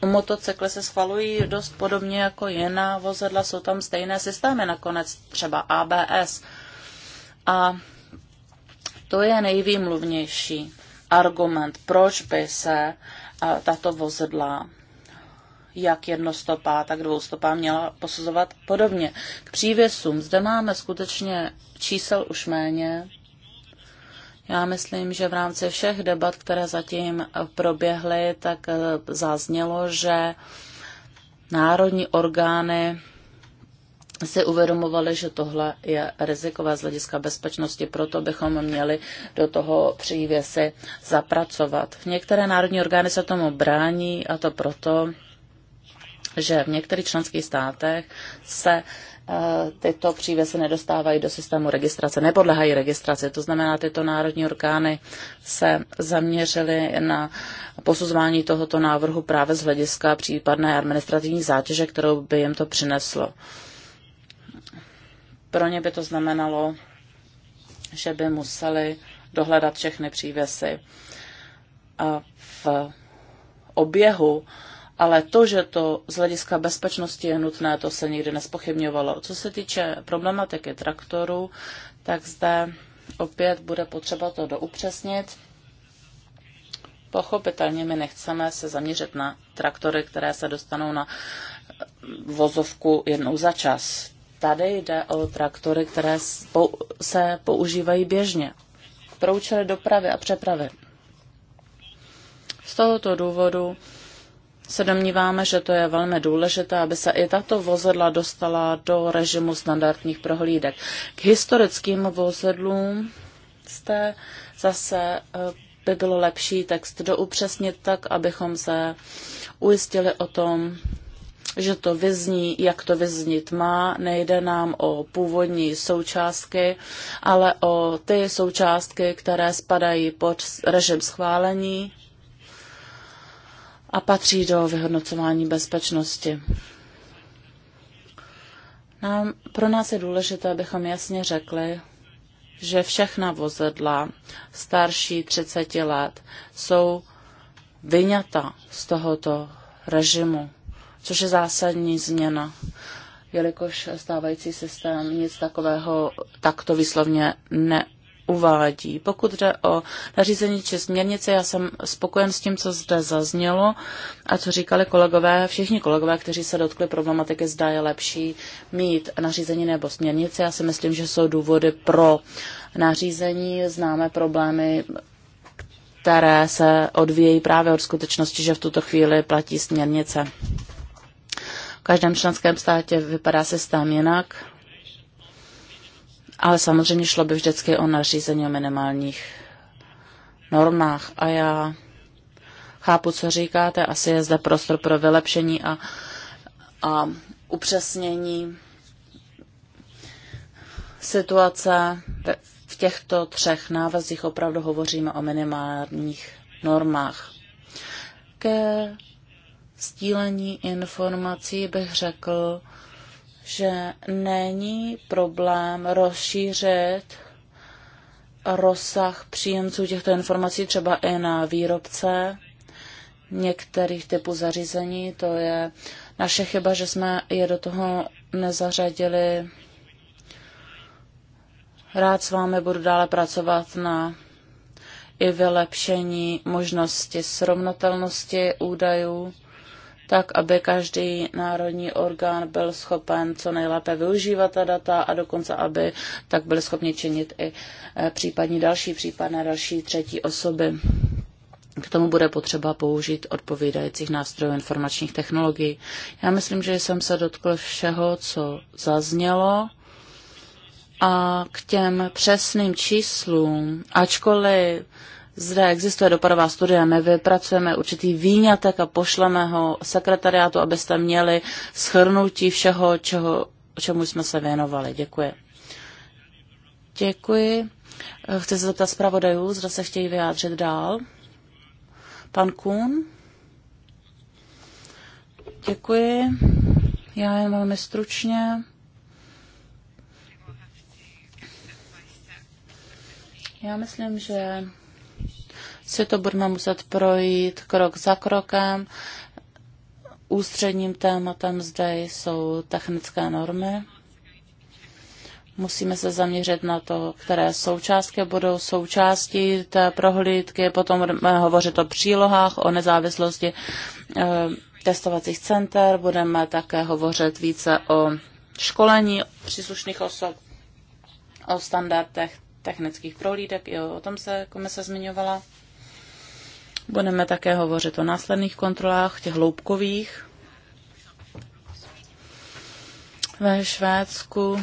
motocykly se schvalují dost podobně jako jiná vozidla, jsou tam stejné systémy, nakonec třeba ABS. A to je nejvýmluvnější argument, proč by se eh, tato vozidla jak jednostopá, tak dvoustopá měla posuzovat podobně. K přívěsům zde máme skutečně čísel už méně. Já myslím, že v rámci všech debat, které zatím proběhly, tak eh, zaznělo, že národní orgány si uvědomovali, že tohle je rizikové z hlediska bezpečnosti, proto bychom měli do toho přívěsy zapracovat. Některé národní orgány se tomu brání a to proto, že v některých členských státech se eh, tyto přívěsy nedostávají do systému registrace, nepodlehají registraci. To znamená, tyto národní orgány se zaměřily na posuzování tohoto návrhu právě z hlediska případné administrativní zátěže, kterou by jim to přineslo. Pro ně by to znamenalo, že by museli dohledat všechny přívěsy. A v oběhu ale to, že to z hlediska bezpečnosti je nutné, to se nikdy nespochybňovalo. Co se týče problematiky traktorů, tak zde opět bude potřeba to doupřesnit. Pochopitelně my nechceme se zaměřit na traktory, které se dostanou na eh, vozovku jednou za čas. Tady jde o traktory, které se používají běžně pro účely dopravy a přepravy. Z tohoto důvodu se domníváme, že to je velmi důležité, aby se i tato vozidla dostala do režimu standardních prohlídek. K historickým vozidlům jste zase eh, by bylo lepší text doupřesnit tak, abychom se ujistili o tom, že to vyzní, jak to vyznít má. Nejde nám o původní součástky, ale o ty součástky, které spadají pod režim schválení a patří do vyhodnocování bezpečnosti. Nám, pro nás je důležité, abychom jasně řekli, že všechna vozidla starší 30 let jsou vyňata z tohoto režimu, což je zásadní změna, jelikož stávající systém nic takového takto výslovně ne, uvádí. Pokud jde o nařízení či směrnice, já jsem spokojen s tím, co zde zaznělo a co říkali kolegové, všichni kolegové, kteří se dotkli problematiky, zda je lepší mít nařízení nebo směrnice. Já si myslím, že jsou důvody pro nařízení, známe problémy které se odvíjejí právě od skutečnosti, že v tuto chvíli platí směrnice. V každém členském státě vypadá systém jinak ale samozřejmě šlo by vždycky o nařízení o minimálních normách. A já chápu, co říkáte, asi je zde prostor pro vylepšení a, a upřesnění situace. V těchto třech návazích opravdu hovoříme o minimálních normách. Ke sdílení informací bych řekl, že není problém rozšířit rozsah příjemců těchto informací třeba i na výrobce některých typů zařízení. To je naše chyba, že jsme je do toho nezařadili. Rád s vámi budu dále pracovat na i vylepšení možnosti srovnatelnosti údajů tak aby každý národní orgán byl schopen co nejlépe využívat ta data a dokonce, aby tak byli schopni činit i eh, případně další, případné další třetí osoby. K tomu bude potřeba použít odpovídajících nástrojů informačních technologií. Já myslím, že jsem se dotkl všeho, co zaznělo. A k těm přesným číslům, ačkoliv zde existuje dopadová studie, my vypracujeme určitý výňatek a pošleme ho sekretariátu, abyste měli schrnutí všeho, čeho, čemu jsme se věnovali. Děkuji. Děkuji. Chci se zeptat zpravodajů, zda se chtějí vyjádřit dál. Pan Kuhn? Děkuji. Já jen velmi stručně. Já myslím, že si to budeme muset projít krok za krokem. Ústředním tématem zde jsou technické normy. Musíme se zaměřit na to, které součástky budou součástí té prohlídky, potom budeme hovořit o přílohách, o nezávislosti eh, testovacích center, budeme také hovořit více o školení příslušných osob, o standardech technických prohlídek, Jo, o tom se komise zmiňovala. Budeme také hovořit o následných kontrolách, těch hloubkových. Ve Švédsku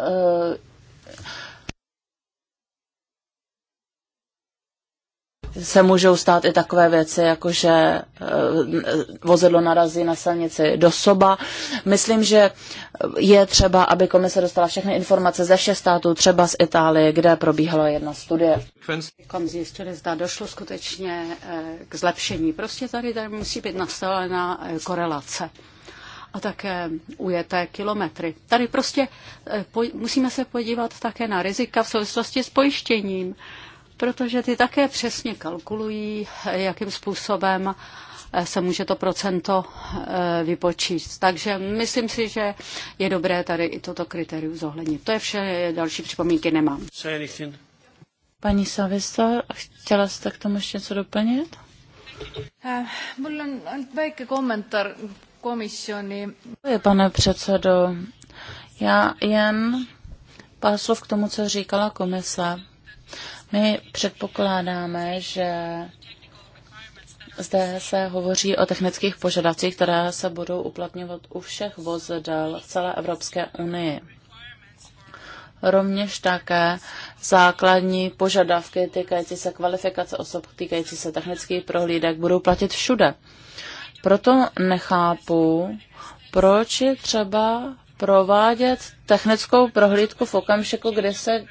eh, se můžou stát i takové věci, jako že eh, vozidlo narazí na silnici do soba. Myslím, že je třeba, aby komise dostala všechny informace ze všech států, třeba z Itálie, kde probíhala jedna studie. Kom zjistili, zda došlo skutečně eh, k zlepšení. Prostě tady, tady musí být nastavena eh, korelace a také ujeté kilometry. Tady prostě musíme se podívat také na rizika v souvislosti s pojištěním protože ty také přesně kalkulují, jakým způsobem eh, se může to procento eh, vypočíst. Takže myslím si, že je dobré tady i toto kritérium zohlednit. To je vše, další připomínky nemám. Paní Savista, chtěla jste k tomu ještě něco doplnit? Äh, Mul Pane předsedo, já jen pár slov k tomu, co říkala komise. My předpokládáme, že zde se hovoří o technických požadavcích, které se budou uplatňovat u všech vozidel v celé Evropské unii. Rovněž také základní požadavky týkající se kvalifikace osob, týkající se technických prohlídek, budou platit všude. Proto nechápu, proč je třeba provádět technickou prohlídku v okamžiku, kdy se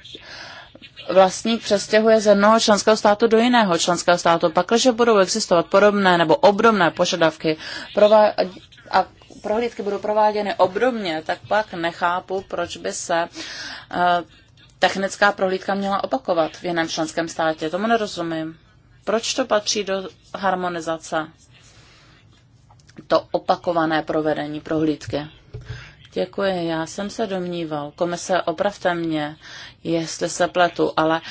vlastník přestěhuje z jednoho členského státu do jiného členského státu. Pakliže budou existovat podobné nebo obdobné požadavky a prohlídky budou prováděny obdobně, tak pak nechápu, proč by se eh, technická prohlídka měla opakovat v jiném členském státě. Tomu nerozumím. Proč to patří do harmonizace? To opakované provedení prohlídky. Děkuji, já jsem se domníval. Komise, opravte mě, jestli se pletu, ale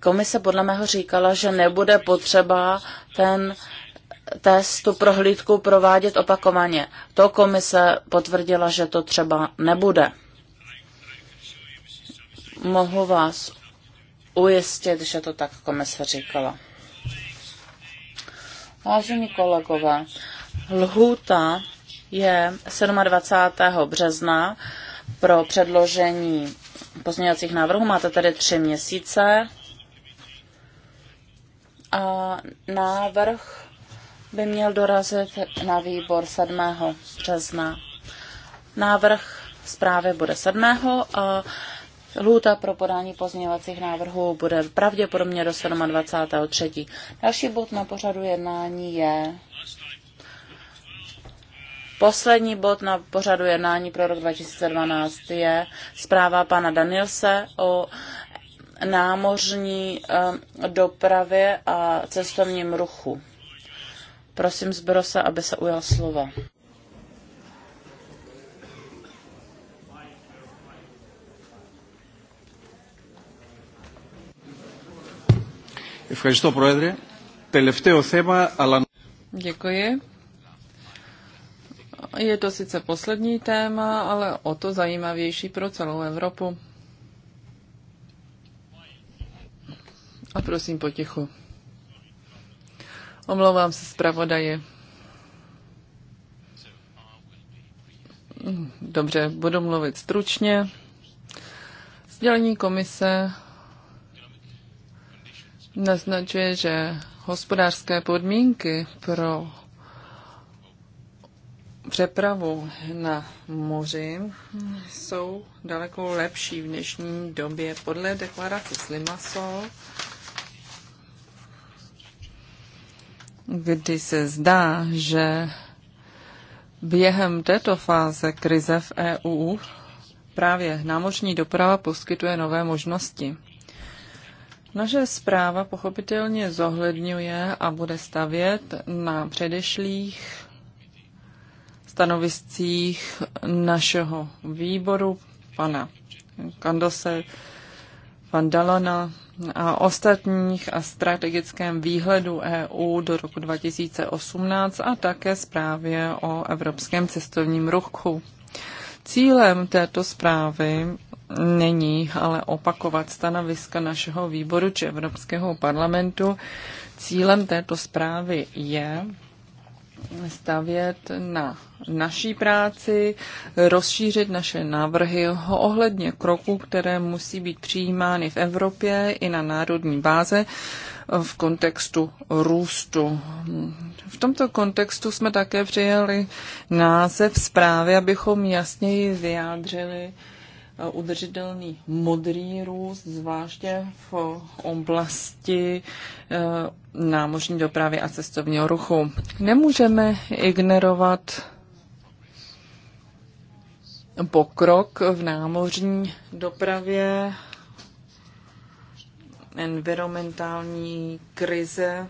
komise podle mého říkala, že nebude potřeba ten test, tu prohlídku provádět opakovaně. To komise potvrdila, že to třeba nebude. Mohu vás ujistit, že to tak komise říkala. Vážení kolegové, lhůta je 27. března pro předložení pozměňovacích návrhů. Máte tedy tři měsíce. A návrh by měl dorazit na výbor 7. března. Návrh zprávy bude 7. a Lhůta pro podání pozměňovacích návrhů bude pravděpodobně do 27. 3. Další bod na pořadu jednání je Poslední bod na pořadu jednání pro rok 2012 je zpráva pana Danielse o námořní ehm, dopravě a cestovním ruchu. Prosím Zbrosa, aby se ujal slova. Ευχαριστώ, Πρόεδρε. Děkuji, je to sice poslední téma, ale o to zajímavější pro celou Evropu. A prosím potichu. Omlouvám se zpravodaje. Dobře, budu mluvit stručně. Sdělení komise naznačuje, že hospodářské podmínky pro přepravu na moři jsou daleko lepší v dnešní době. Podle deklarace z Limassol, kdy se zdá, že během této fáze krize v EU právě námořní doprava poskytuje nové možnosti. Naše zpráva pochopitelně zohledňuje a bude stavět na předešlých stanoviscích našeho výboru, pana Kandose, pan Dalana a ostatních a strategickém výhledu EU do roku 2018 a také zprávě o evropském cestovním ruchu. Cílem této zprávy není ale opakovat stanoviska našeho výboru či Evropského parlamentu. Cílem této zprávy je stavět na naší práci, rozšířit naše návrhy ohledně kroků, které musí být přijímány v Evropě i na národní báze v kontextu růstu. V tomto kontextu jsme také přijali název zprávy, abychom jasněji vyjádřili, udržitelný modrý růst, zvláště v oblasti eh, námořní dopravy a cestovního ruchu. Nemůžeme ignorovat pokrok v námořní dopravě, environmentální krize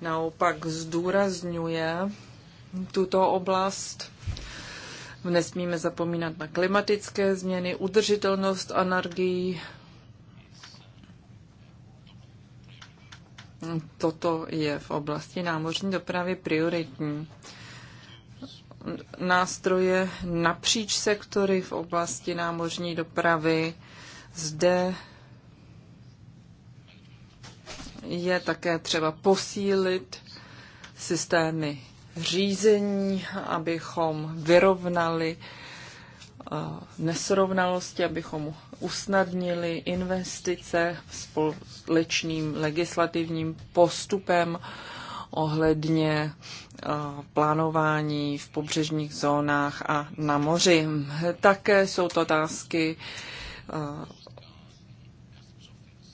naopak zdůrazňuje tuto oblast Nesmíme zapomínat na klimatické změny, udržitelnost energií. Toto je v oblasti námořní dopravy prioritní. Nástroje napříč sektory v oblasti námořní dopravy. Zde je také třeba posílit systémy řízení, abychom vyrovnali eh, nesrovnalosti, abychom usnadnili investice společným legislativním postupem ohledně eh, plánování v pobřežních zónách a na moři. Také jsou to otázky eh,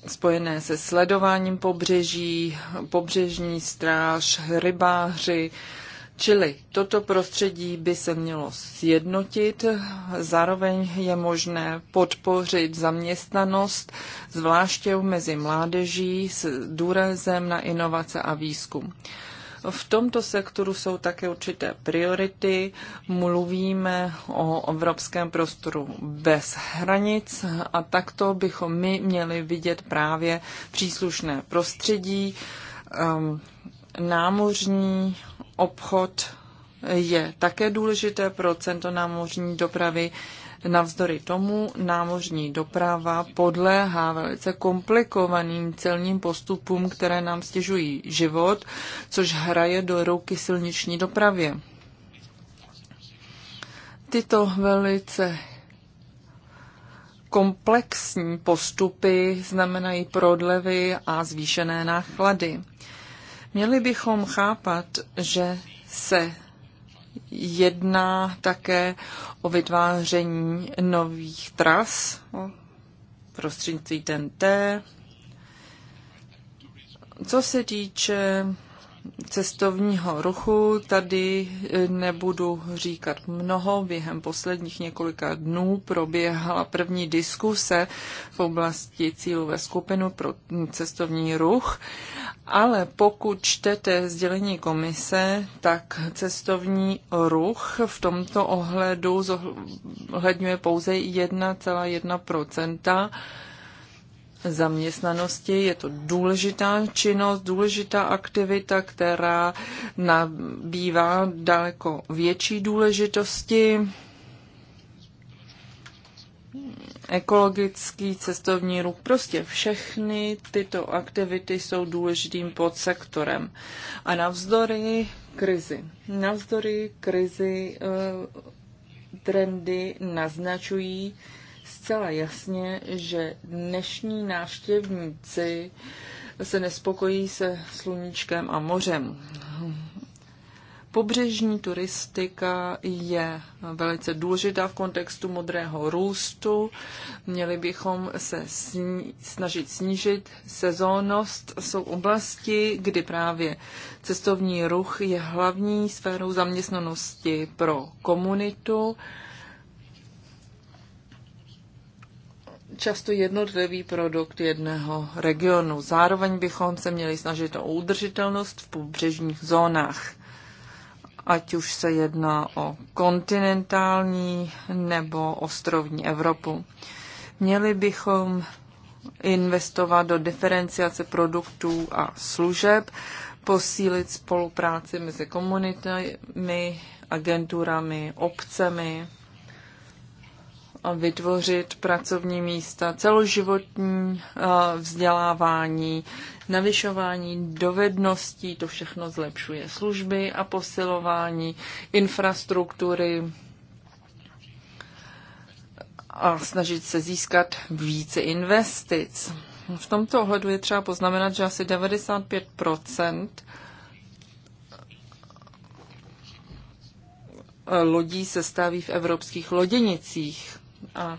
spojené se sledováním pobřeží, pobřežní stráž, rybáři, Čili toto prostředí by se mělo sjednotit, zároveň je možné podpořit zaměstnanost, zvláště mezi mládeží s důrazem na inovace a výzkum. V tomto sektoru jsou také určité priority. Mluvíme o evropském prostoru bez hranic a takto bychom my měli vidět právě příslušné prostředí, um, námořní obchod je také důležité pro cento námořní dopravy. Navzdory tomu námořní doprava podléhá velice komplikovaným celním postupům, které nám stěžují život, což hraje do ruky silniční dopravě. Tyto velice komplexní postupy znamenají prodlevy a zvýšené náklady. Měli bychom chápat, že se jedná také o vytváření nových tras prostřednictví TNT. Co se týče cestovního ruchu, tady eh, nebudu říkat mnoho. Během posledních několika dnů proběhla první diskuse v oblasti cílové skupiny pro cestovní ruch ale pokud čtete sdělení komise, tak cestovní ruch v tomto ohledu zohledňuje pouze 1,1 zaměstnanosti. Je to důležitá činnost, důležitá aktivita, která nabývá daleko větší důležitosti ekologický cestovní ruch. Prostě všechny tyto aktivity jsou důležitým podsektorem. A navzdory krizi. Navzdory krizi eh, trendy naznačují zcela jasně, že dnešní návštěvníci se nespokojí se sluníčkem a mořem. Pobřežní turistika je velice důležitá v kontextu modrého růstu. Měli bychom se sní, snažit snížit sezónnost. Jsou oblasti, kdy právě cestovní ruch je hlavní sférou zaměstnanosti pro komunitu. často jednotlivý produkt jedného regionu. Zároveň bychom se měli snažit o udržitelnost v pobřežních zónách ať už se jedná o kontinentální nebo ostrovní Evropu. Měli bychom investovat do diferenciace produktů a služeb, posílit spolupráci mezi komunitami, agenturami, obcemi vytvořit pracovní místa, celoživotní eh, vzdělávání, navyšování dovedností, to všechno zlepšuje služby a posilování infrastruktury a snažit se získat více investic. V tomto ohledu je třeba poznamenat, že asi 95 lodí se staví v evropských loděnicích. A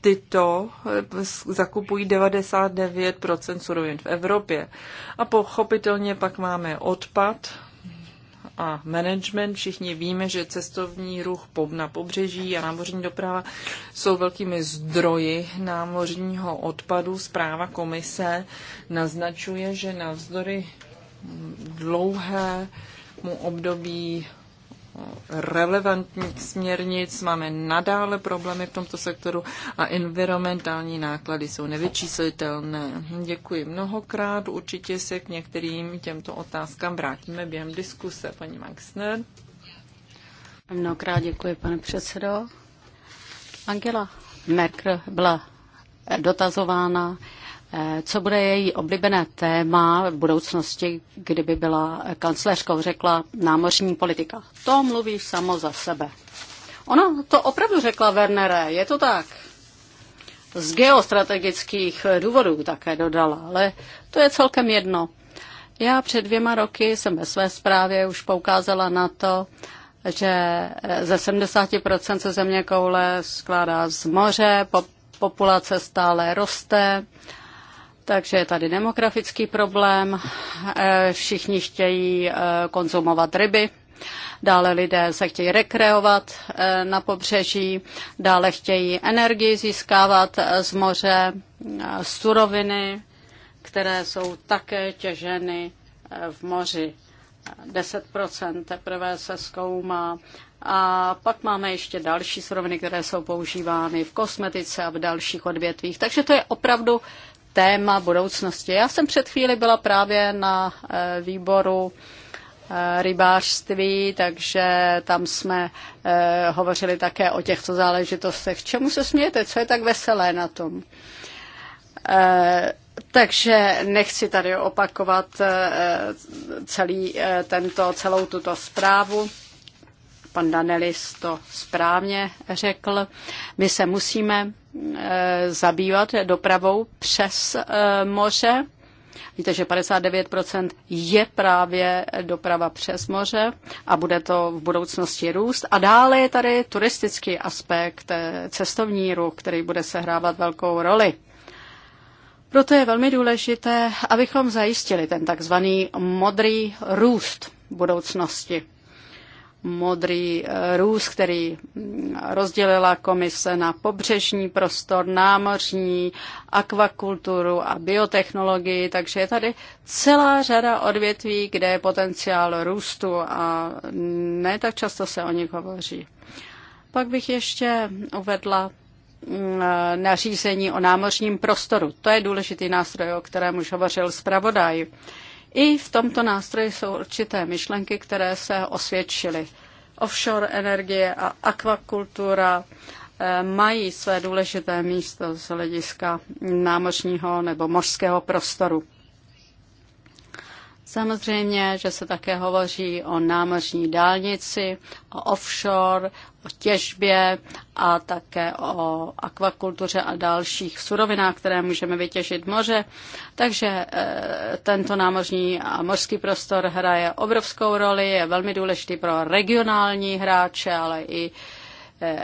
tyto eh, zakupují 99% surovin v Evropě. A pochopitelně pak máme odpad a management. Všichni víme, že cestovní ruch na pobřeží a námořní doprava jsou velkými zdroji námořního odpadu. Zpráva komise naznačuje, že navzdory dlouhému období relevantních směrnic, máme nadále problémy v tomto sektoru a environmentální náklady jsou nevyčíslitelné. Děkuji mnohokrát, určitě se k některým těmto otázkám vrátíme během diskuse. Paní Maxner. Mnohokrát děkuji, pane předsedo. Angela Merkel byla dotazována, co bude její oblíbené téma v budoucnosti, kdyby byla kancléřkou, řekla námořní politika. To mluví samo za sebe. Ona to opravdu řekla, Wernere, je to tak. Z geostrategických důvodů také dodala, ale to je celkem jedno. Já před dvěma roky jsem ve své zprávě už poukázala na to, že ze 70% se země koule skládá z moře, po populace stále roste takže je tady demografický problém, eh, všichni chtějí eh, konzumovat ryby, dále lidé se chtějí rekreovat eh, na pobřeží, dále chtějí energii získávat z moře, suroviny, které jsou také těženy v moři. 10% teprve se zkoumá. A pak máme ještě další suroviny, které jsou používány v kosmetice a v dalších odvětvích. Takže to je opravdu téma budoucnosti. Já jsem před chvíli byla právě na eh, výboru eh, rybářství, takže tam jsme eh, hovořili také o těchto záležitostech. Čemu se smějete? Co je tak veselé na tom? Takže nechci tady opakovat celý tento, celou tuto zprávu. Pan Danelis to správně řekl. My se musíme Eh, zabývat dopravou přes eh, moře. Víte, že 59% je právě doprava přes moře a bude to v budoucnosti růst. A dále je tady turistický aspekt, eh, cestovní ruch, který bude sehrávat velkou roli. Proto je velmi důležité, abychom zajistili ten takzvaný modrý růst budoucnosti modrý eh, růz, který mm, rozdělila komise na pobřežní prostor, námořní, akvakulturu a biotechnologii, takže je tady celá řada odvětví, kde je potenciál růstu a ne tak často se o nich hovoří. Pak bych ještě uvedla mm, eh, nařízení o námořním prostoru. To je důležitý nástroj, o kterém už hovořil zpravodaj. I v tomto nástroji jsou určité myšlenky, které se osvědčily. Offshore energie a akvakultura eh, mají své důležité místo z hlediska námořního nebo mořského prostoru. Samozřejmě, že se také hovoří o námořní dálnici, o offshore, o těžbě a také o akvakultuře a dalších surovinách, které můžeme vytěžit moře. Takže eh, tento námořní a mořský prostor hraje obrovskou roli, je velmi důležitý pro regionální hráče, ale i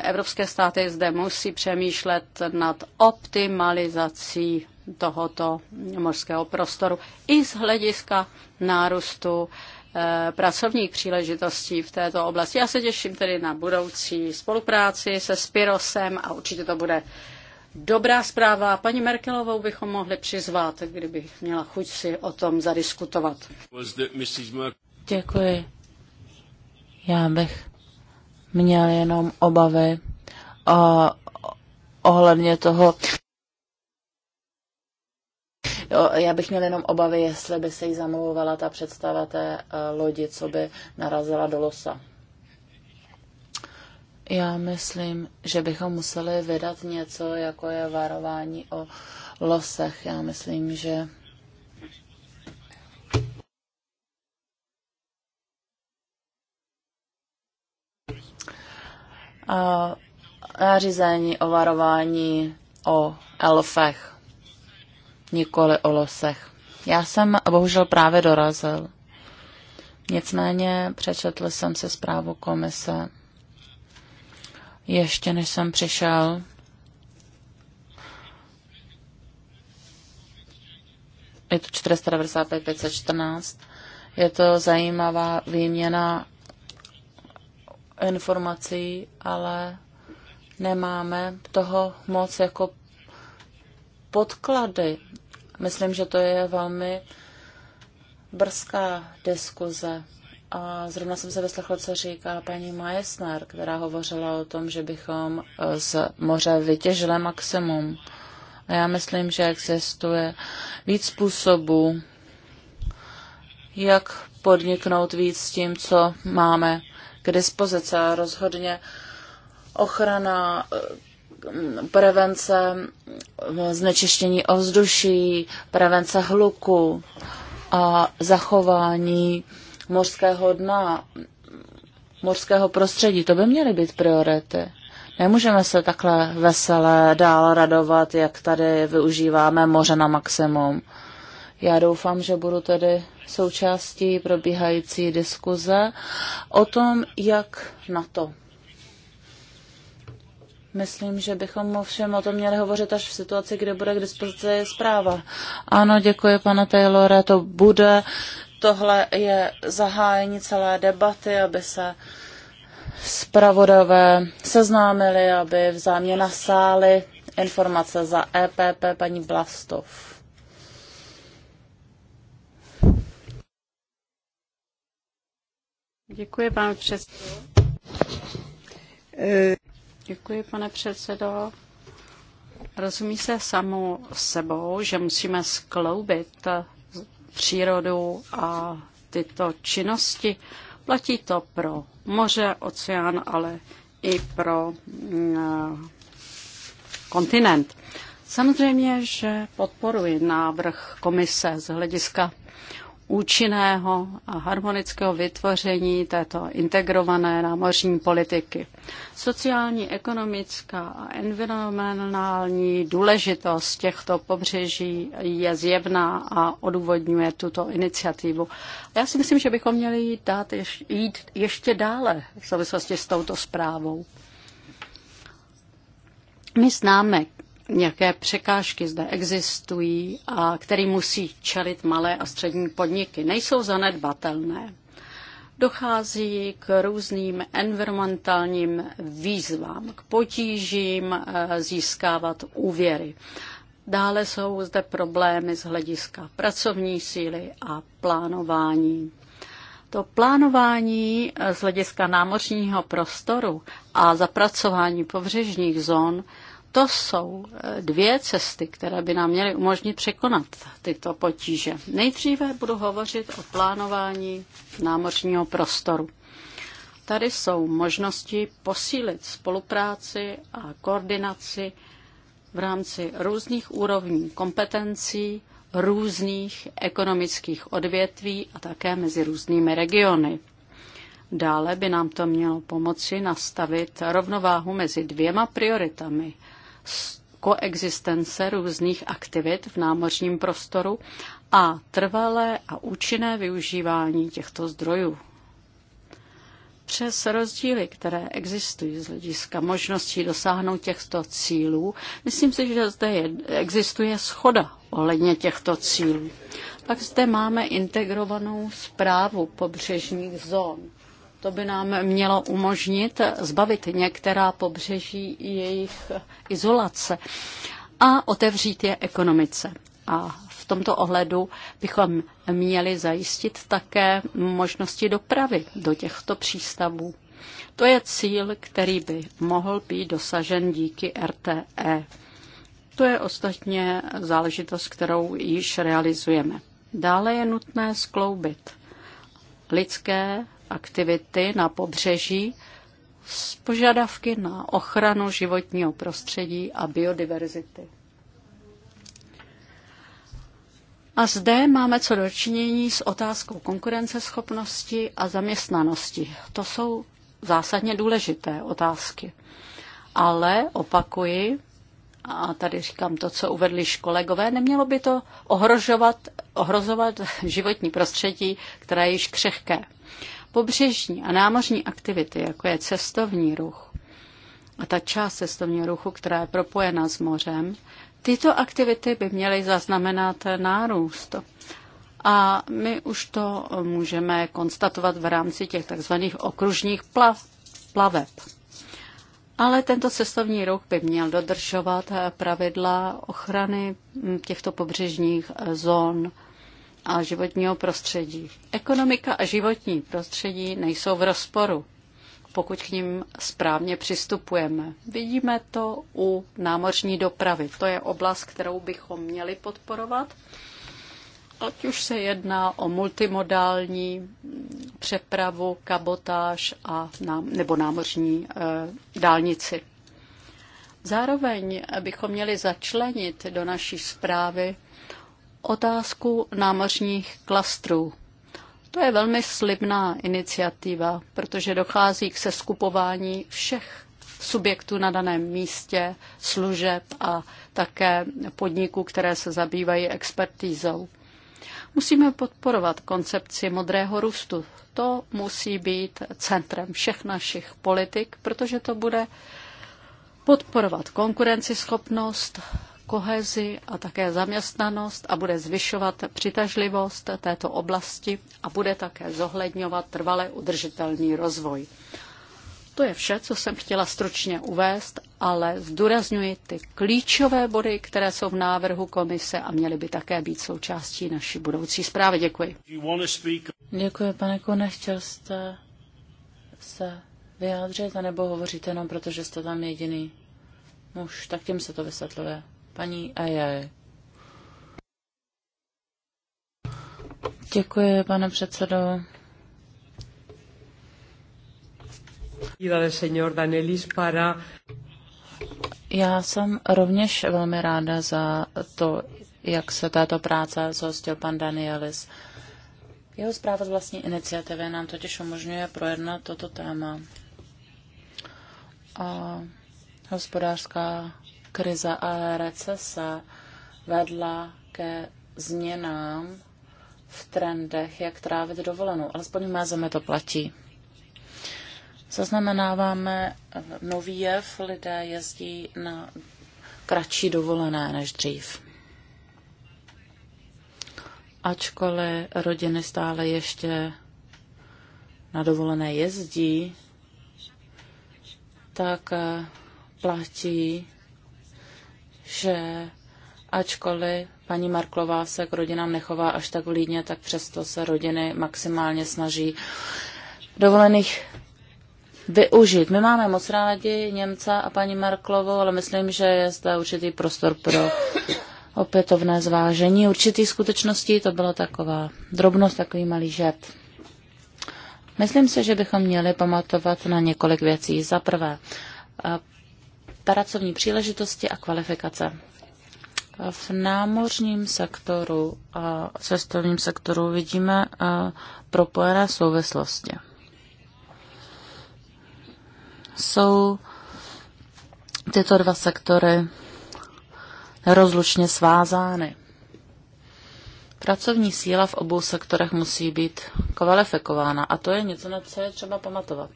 Evropské státy zde musí přemýšlet nad optimalizací tohoto mořského prostoru i z hlediska nárůstu eh, pracovních příležitostí v této oblasti. Já se těším tedy na budoucí spolupráci se Spirosem a určitě to bude dobrá zpráva. Paní Merkelovou bychom mohli přizvat, kdyby měla chuť si o tom zadiskutovat. Děkuji. Já bych měl jenom obavy a ohledně toho, Jo, já bych měl jenom obavy, jestli by se jí zamluvovala ta představa té e, lodi, co by narazila do losa. Já myslím, že bychom museli vydat něco, jako je varování o losech. Já myslím, že a nařízení o varování o elfech, nikoli o losech. Já jsem bohužel právě dorazil. Nicméně přečetl jsem si zprávu komise ještě než jsem přišel. Je to 495 514. Je to zajímavá výměna informací, ale nemáme toho moc jako podklady. Myslím, že to je velmi brzká diskuze. A zrovna jsem se vyslechla, co říká paní Majesner, která hovořila o tom, že bychom eh, z moře vytěžili maximum. A já myslím, že existuje víc způsobů, jak podniknout víc s tím, co máme k dispozici a rozhodně ochrana eh, prevence eh, znečištění ovzduší, prevence hluku a zachování mořského dna, mořského prostředí. To by měly být priority. Nemůžeme se takhle veselé dál radovat, jak tady využíváme moře na maximum. Já doufám, že budu tedy součástí probíhající diskuze o tom, jak na to. Myslím, že bychom ovšem o tom měli hovořit až v situaci, kde bude k dispozici zpráva. Ano, děkuji, pane Taylore, to bude. Tohle je zahájení celé debaty, aby se zpravodové seznámili, aby vzájemně nasáli informace za EPP paní Blastov. Děkuji, pane předsedo. Eh. Děkuji, pane předsedo. Rozumí se samo sebou, že musíme skloubit přírodu a tyto činnosti. Platí to pro moře, oceán, ale i pro mm, kontinent. Samozřejmě, že podporuji návrh komise z hlediska účinného a harmonického vytvoření této integrované námořní politiky. Sociální, ekonomická a environmentální důležitost těchto pobřeží je zjevná a odůvodňuje tuto iniciativu. Já si myslím, že bychom měli jít, dát ješ, jít ještě dále v souvislosti s touto zprávou. My známe nějaké překážky zde existují a který musí čelit malé a střední podniky. Nejsou zanedbatelné. Dochází k různým environmentálním výzvám, k potížím eh, získávat úvěry. Dále jsou zde problémy z hlediska pracovní síly a plánování. To plánování eh, z hlediska námořního prostoru a zapracování pobřežních zón to jsou eh, dvě cesty, které by nám měly umožnit překonat tyto potíže. Nejdříve budu hovořit o plánování námořního prostoru. Tady jsou možnosti posílit spolupráci a koordinaci v rámci různých úrovní kompetencí, různých ekonomických odvětví a také mezi různými regiony. Dále by nám to mělo pomoci nastavit rovnováhu mezi dvěma prioritami – koexistence různých aktivit v námořním prostoru a trvalé a účinné využívání těchto zdrojů. Přes rozdíly, které existují z hlediska možností dosáhnout těchto cílů, myslím si, že zde je, existuje schoda ohledně těchto cílů. Pak zde máme integrovanou zprávu pobřežních zón. To by nám mělo umožnit zbavit některá pobřeží jejich izolace a otevřít je ekonomice. A v tomto ohledu bychom měli zajistit také možnosti dopravy do těchto přístavů. To je cíl, který by mohl být dosažen díky RTE. To je ostatně záležitost, kterou již realizujeme. Dále je nutné skloubit lidské aktivity na pobřeží s požadavky na ochranu životního prostředí a biodiverzity. A zde máme co dočinění s otázkou konkurenceschopnosti a zaměstnanosti. To jsou zásadně důležité otázky. Ale opakuji, a tady říkám to, co uvedli kolegové, nemělo by to ohrožovat, ohrozovat životní prostředí, které je již křehké pobřežní a námořní aktivity, jako je cestovní ruch a ta část cestovního ruchu, která je propojena s mořem, tyto aktivity by měly zaznamenat nárůst. A my už to můžeme konstatovat v rámci těch takzvaných okružních plav, plaveb. Ale tento cestovní ruch by měl dodržovat pravidla ochrany těchto pobřežních zón a životního prostředí. Ekonomika a životní prostředí nejsou v rozporu, pokud k ním správně přistupujeme. Vidíme to u námořní dopravy. To je oblast, kterou bychom měli podporovat. Ať už se jedná o multimodální přepravu, kabotáž a, nebo námořní e, dálnici. Zároveň bychom měli začlenit do naší zprávy otázku námořních klastrů. To je velmi slibná iniciativa, protože dochází k seskupování všech subjektů na daném místě, služeb a také podniků, které se zabývají expertízou. Musíme podporovat koncepci modrého růstu. To musí být centrem všech našich politik, protože to bude podporovat konkurenceschopnost, kohezi a také zaměstnanost a bude zvyšovat přitažlivost této oblasti a bude také zohledňovat trvale udržitelný rozvoj. To je vše, co jsem chtěla stručně uvést, ale zdůrazňuji ty klíčové body, které jsou v návrhu komise a měly by také být součástí naší budoucí zprávy. Děkuji. Děkuji, pane Kone, chtěl jste se vyjádřit, anebo hovoříte jenom protože jste tam jediný muž, tak tím se to vysvětluje paní Aje. Děkuji, pane předsedo. Já jsem rovněž velmi ráda za to, jak se této práce zhostil pan Danielis. Jeho zpráva z vlastní iniciativy nám totiž umožňuje projednat toto téma. A hospodářská krize a recese vedla ke změnám v trendech, jak trávit dovolenou. Alespoň v mé zemi to platí. Zaznamenáváme nový jev, lidé jezdí na kratší dovolené než dřív. Ačkoliv rodiny stále ještě na dovolené jezdí, tak eh, platí že ačkoliv paní Marklová se k rodinám nechová až tak vlídně, tak přesto se rodiny maximálně snaží dovolených využít. My máme moc rádi Němce a paní Marklovou, ale myslím, že je zde určitý prostor pro opětovné zvážení určitých skutečností. To byla taková drobnost, takový malý žert. Myslím si, že bychom měli pamatovat na několik věcí. Za prvé, pracovní příležitosti a kvalifikace. V námořním sektoru a cestovním sektoru vidíme eh, propojené souvislosti. Jsou tyto dva sektory rozlučně svázány. Pracovní síla v obou sektorech musí být kvalifikována a to je něco, na co je třeba pamatovat.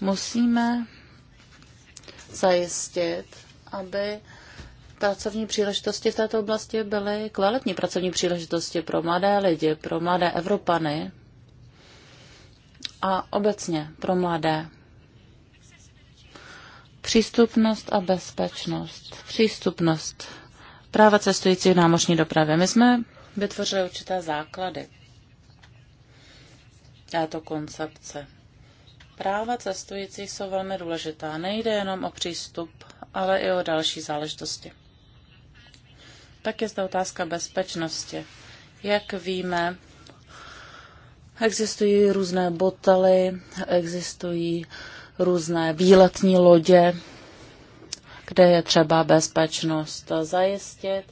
Musíme zajistit, aby pracovní příležitosti v této oblasti byly kvalitní pracovní příležitosti pro mladé lidi, pro mladé Evropany a obecně pro mladé. Přístupnost a bezpečnost. Přístupnost. Práva cestující v námořní dopravě. My jsme vytvořili určité základy této koncepce. Práva cestujících jsou velmi důležitá. Nejde jenom o přístup, ale i o další záležitosti. Tak je zde otázka bezpečnosti. Jak víme, existují různé botely, existují různé výletní lodě, kde je třeba bezpečnost zajistit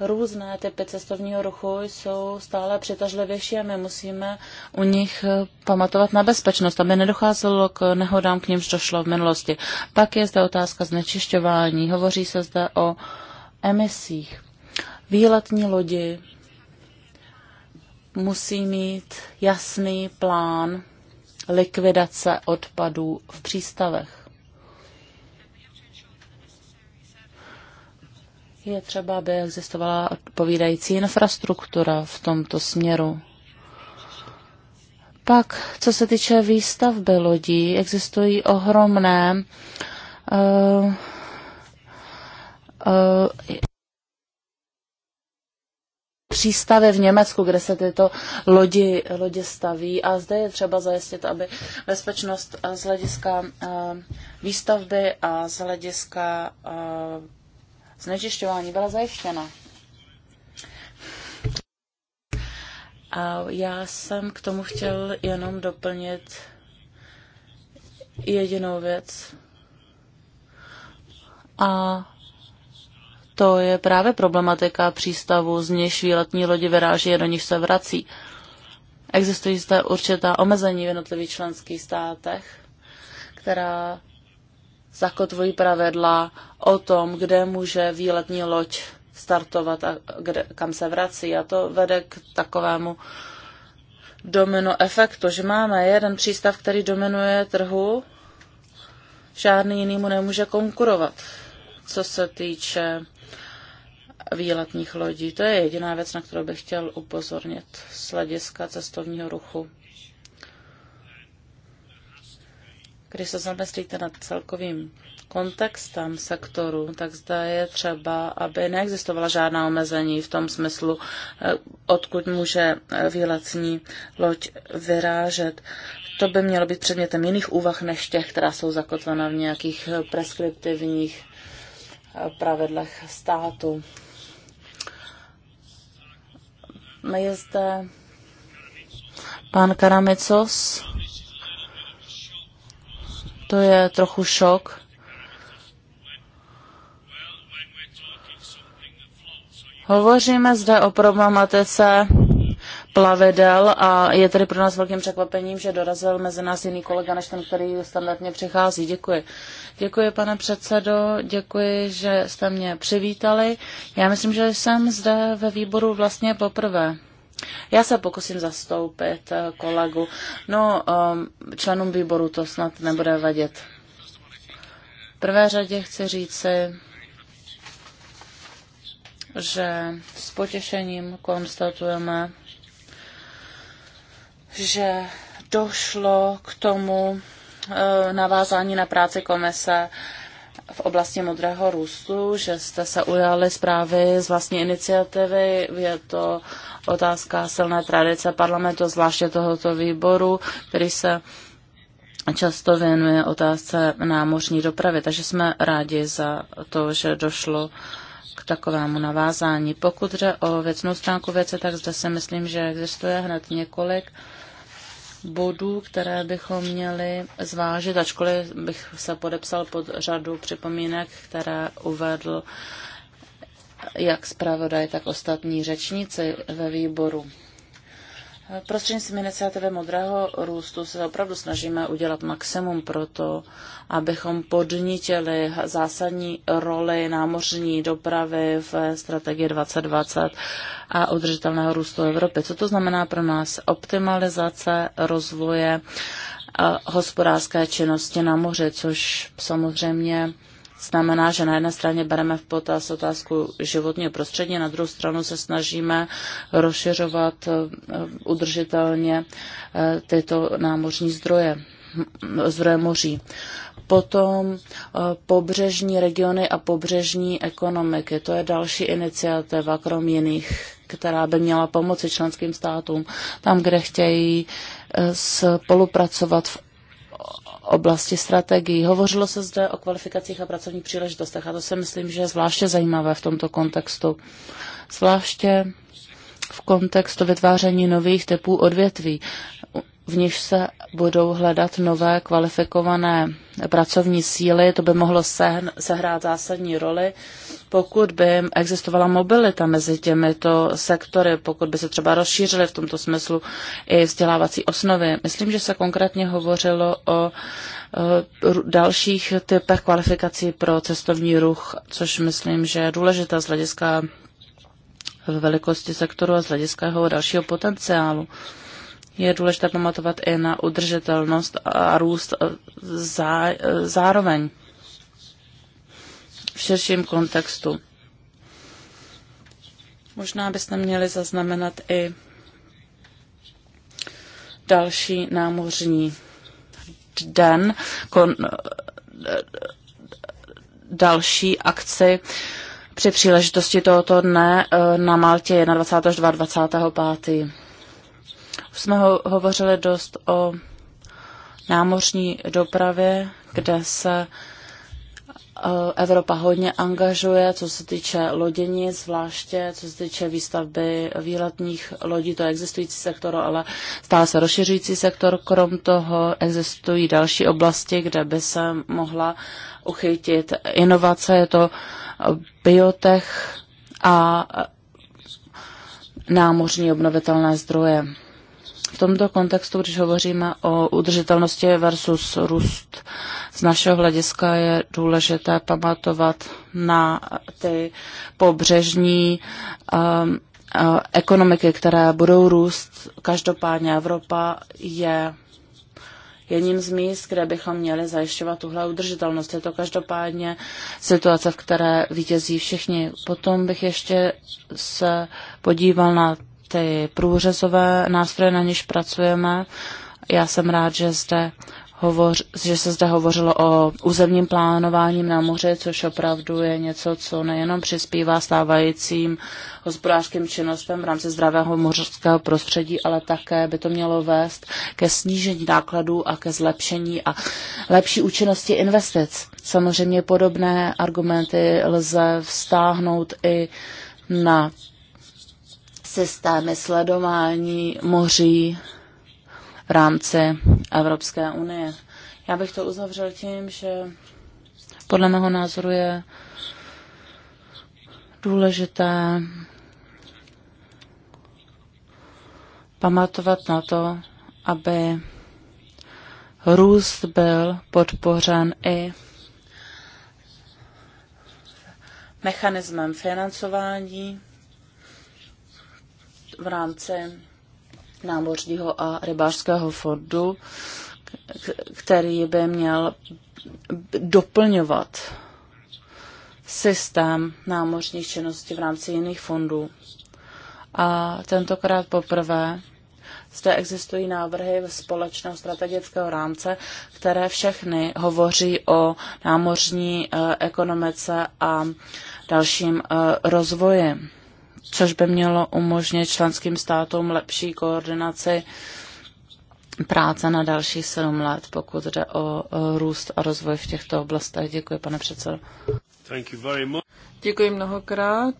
různé typy cestovního ruchu jsou stále přitažlivější a my musíme u nich eh, pamatovat na bezpečnost, aby nedocházelo k nehodám, k nímž došlo v minulosti. Pak je zde otázka znečišťování. Hovoří se zde o emisích. Výletní lodi musí mít jasný plán likvidace odpadů v přístavech. Je třeba, aby existovala odpovídající infrastruktura v tomto směru. Pak, co se týče výstavby lodí, existují ohromné uh, uh, přístavy v Německu, kde se tyto lodi, lodě staví a zde je třeba zajistit, aby bezpečnost z hlediska eh, výstavby a z hlediska znečišťování byla zajištěna. A já jsem k tomu chtěl jenom doplnit jedinou věc. A to je právě problematika přístavu, z nějž výletní lodi vyráží a do nich se vrací. Existují zde určitá omezení v jednotlivých členských státech, která zakotvují pravidla o tom, kde může výletní loď startovat a kde, kam se vrací. A to vede k takovému domino efektu, že máme jeden přístav, který dominuje trhu, žádný jiný mu nemůže konkurovat, co se týče výletních lodí. To je jediná věc, na kterou bych chtěl upozornit z hlediska cestovního ruchu. Když se zamyslíte nad celkovým kontextem sektoru, tak zde je třeba, aby neexistovala žádná omezení v tom smyslu, eh, odkud může eh, výletní loď vyrážet. To by mělo být předmětem jiných úvah než těch, která jsou zakotvena v nějakých eh, preskriptivních pravidlech státu. Je zde pan Karamicos to je trochu šok. Hovoříme zde o problematice plavidel a je tedy pro nás velkým překvapením, že dorazil mezi nás jiný kolega, než ten, který standardně přichází. Děkuji. Děkuji, pane předsedo, děkuji, že jste mě přivítali. Já myslím, že jsem zde ve výboru vlastně poprvé. Já se pokusím zastoupit eh, kolegu. No, ehm, členům výboru to snad nebude vadit. V prvé řadě chci říci, že s potěšením konstatujeme, že došlo k tomu eh, navázání na práci komise v oblasti modrého růstu, že jste se ujali zprávy z vlastní iniciativy. Je to otázka silné tradice parlamentu, zvláště tohoto výboru, který se často věnuje otázce námořní dopravy. Takže jsme rádi za to, že došlo k takovému navázání. Pokud jde o věcnou stránku věce, tak zde si myslím, že existuje hned několik bodů, které bychom měli zvážit, ačkoliv bych se podepsal pod řadu připomínek, které uvedl jak zpravodaj, tak ostatní řečníci ve výboru. Prostřednictvím iniciativy Modrého růstu se opravdu snažíme udělat maximum pro to, abychom podnítili zásadní roli námořní dopravy v strategii 2020 a udržitelného růstu Evropy. Co to znamená pro nás? Optimalizace rozvoje eh, hospodářské činnosti na moři, což samozřejmě znamená, že na jedné straně bereme v potaz otázku životního prostředí, na druhou stranu se snažíme rozšiřovat eh, udržitelně eh, tyto námořní zdroje, zdroje moří. Potom eh, pobřežní regiony a pobřežní ekonomiky. To je další iniciativa, krom jiných, která by měla pomoci členským státům tam, kde chtějí spolupracovat v oblasti strategií. Hovořilo se zde o kvalifikacích a pracovních příležitostech a to si myslím, že je zvláště zajímavé v tomto kontextu. Zvláště v kontextu vytváření nových typů odvětví v níž se budou hledat nové kvalifikované pracovní síly. To by mohlo sehrát zásadní roli, pokud by existovala mobilita mezi těmito sektory, pokud by se třeba rozšířily v tomto smyslu i vzdělávací osnovy. Myslím, že se konkrétně hovořilo o dalších typech kvalifikací pro cestovní ruch, což myslím, že je důležité z hlediska velikosti sektoru a z hlediska jeho dalšího potenciálu je důležité pamatovat i na udržitelnost a růst zá, zároveň v širším kontextu. Možná byste měli zaznamenat i další námořní den, kon, další akci při příležitosti tohoto dne eh, na Maltě 21. až 22. Už jsme ho, hovořili dost o námořní dopravě, kde se eh, Evropa hodně angažuje, co se týče lodění, zvláště co se týče výstavby výletních lodí, to je existující sektor, ale stále se rozšiřující sektor. Krom toho existují další oblasti, kde by se mohla uchytit inovace, je to eh, biotech a eh, námořní obnovitelné zdroje. V tomto kontextu, když hovoříme o udržitelnosti versus růst, z našeho hlediska je důležité pamatovat na ty pobřežní um, uh, ekonomiky, které budou růst. Každopádně Evropa je jedním z míst, kde bychom měli zajišťovat tuhle udržitelnost. Je to každopádně situace, v které vítězí všichni. Potom bych ještě se podíval na ty průřezové nástroje, na něž pracujeme. Já jsem rád, že zde hovoř, že se zde hovořilo o územním plánování na moři, což opravdu je něco, co nejenom přispívá stávajícím hospodářským činnostem v rámci zdravého mořského prostředí, ale také by to mělo vést ke snížení nákladů a ke zlepšení a lepší účinnosti investic. Samozřejmě podobné argumenty lze vztáhnout i na systémy sledování moří v rámci Evropské unie. Já bych to uzavřel tím, že podle mého názoru je důležité pamatovat na to, aby růst byl podpořen i mechanismem financování v rámci námořního a rybářského fondu, který by měl doplňovat systém námořních činností v rámci jiných fondů. A tentokrát poprvé zde existují návrhy společného strategického rámce, které všechny hovoří o námořní eh, ekonomice a dalším eh, rozvoji což by mělo umožnit členským státům lepší koordinaci práce na dalších sedm let, pokud jde o růst a rozvoj v těchto oblastech. Děkuji, pane předsedo. Děkuji mnohokrát.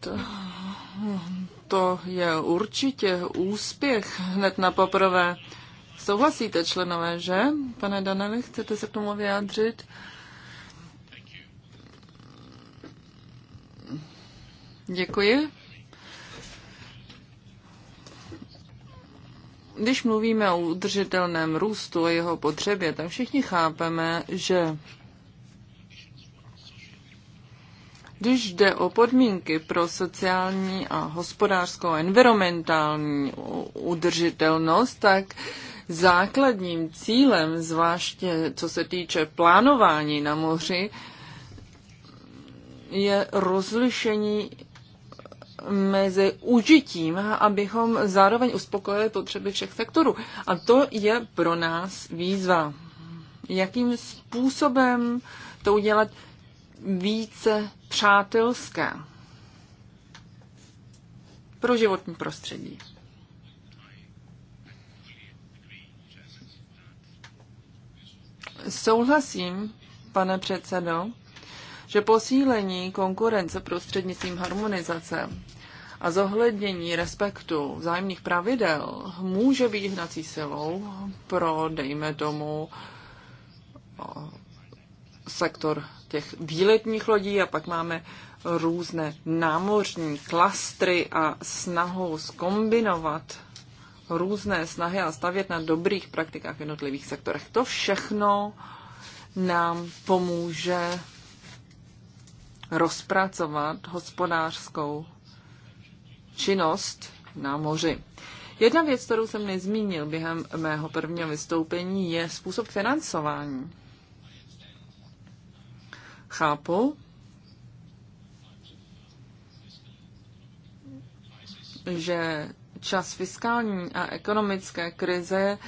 To je určitě úspěch hned na poprvé. Souhlasíte, členové, že? Pane Daneli, chcete se k tomu vyjádřit? Děkuji. Když mluvíme o udržitelném růstu a jeho potřebě, tak všichni chápeme, že když jde o podmínky pro sociální a hospodářskou a environmentální udržitelnost, tak základním cílem, zvláště co se týče plánování na moři, je rozlišení mezi užitím, abychom zároveň uspokojili potřeby všech sektorů. A to je pro nás výzva. Jakým způsobem to udělat více přátelské pro životní prostředí. Souhlasím, pane předsedo, že posílení konkurence prostřednictvím harmonizace a zohlednění respektu vzájemných pravidel může být hnací silou pro, dejme tomu, sektor těch výletních lodí a pak máme různé námořní klastry a snahou skombinovat různé snahy a stavět na dobrých praktikách v jednotlivých sektorech. To všechno nám pomůže rozpracovat hospodářskou činnost na moři. Jedna věc, kterou jsem nezmínil během mého prvního vystoupení, je způsob financování. Chápu, že čas fiskální a ekonomické krize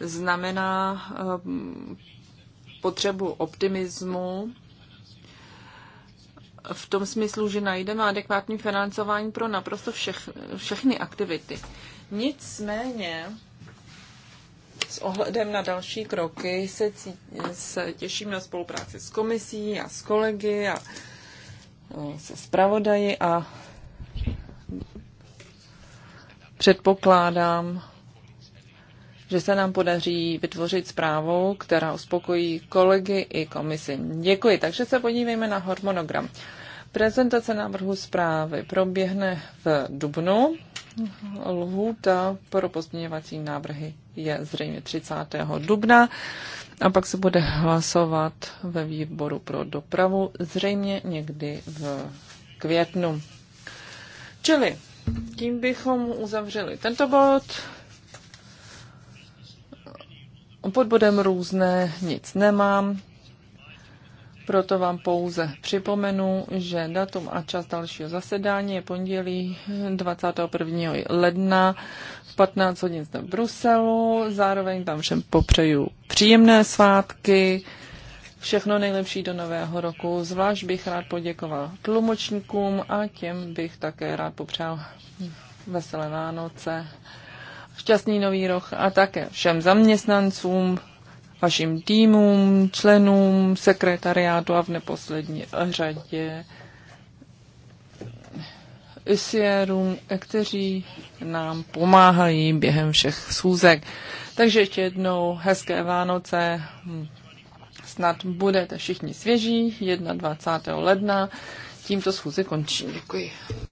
znamená eh, potřebu optimismu v tom smyslu, že najdeme adekvátní financování pro naprosto všech, všechny aktivity. Nicméně, s ohledem na další kroky se, cí, se těším na spolupráci s komisí a s kolegy a no, se zpravodaji a předpokládám, že se nám podaří vytvořit zprávu, která uspokojí kolegy i komisi. Děkuji. Takže se podívejme na harmonogram. Prezentace návrhu zprávy proběhne v Dubnu. Lhůta pro pozměňovací návrhy je zřejmě 30. dubna a pak se bude hlasovat ve výboru pro dopravu zřejmě někdy v květnu. Čili tím bychom uzavřeli tento bod. Pod bodem různé nic nemám, proto vám pouze připomenu, že datum a čas dalšího zasedání je pondělí 21. ledna v 15 hodin v Bruselu. Zároveň tam všem popřeju příjemné svátky, všechno nejlepší do nového roku. Zvlášť bych rád poděkoval tlumočníkům a těm bych také rád popřál veselé Vánoce šťastný nový rok a také všem zaměstnancům, vašim týmům, členům sekretariátu a v neposlední řadě ISIERům, kteří nám pomáhají během všech schůzek. Takže ještě jednou hezké Vánoce, snad budete všichni svěží 21. ledna. Tímto schůzi končím. Děkuji.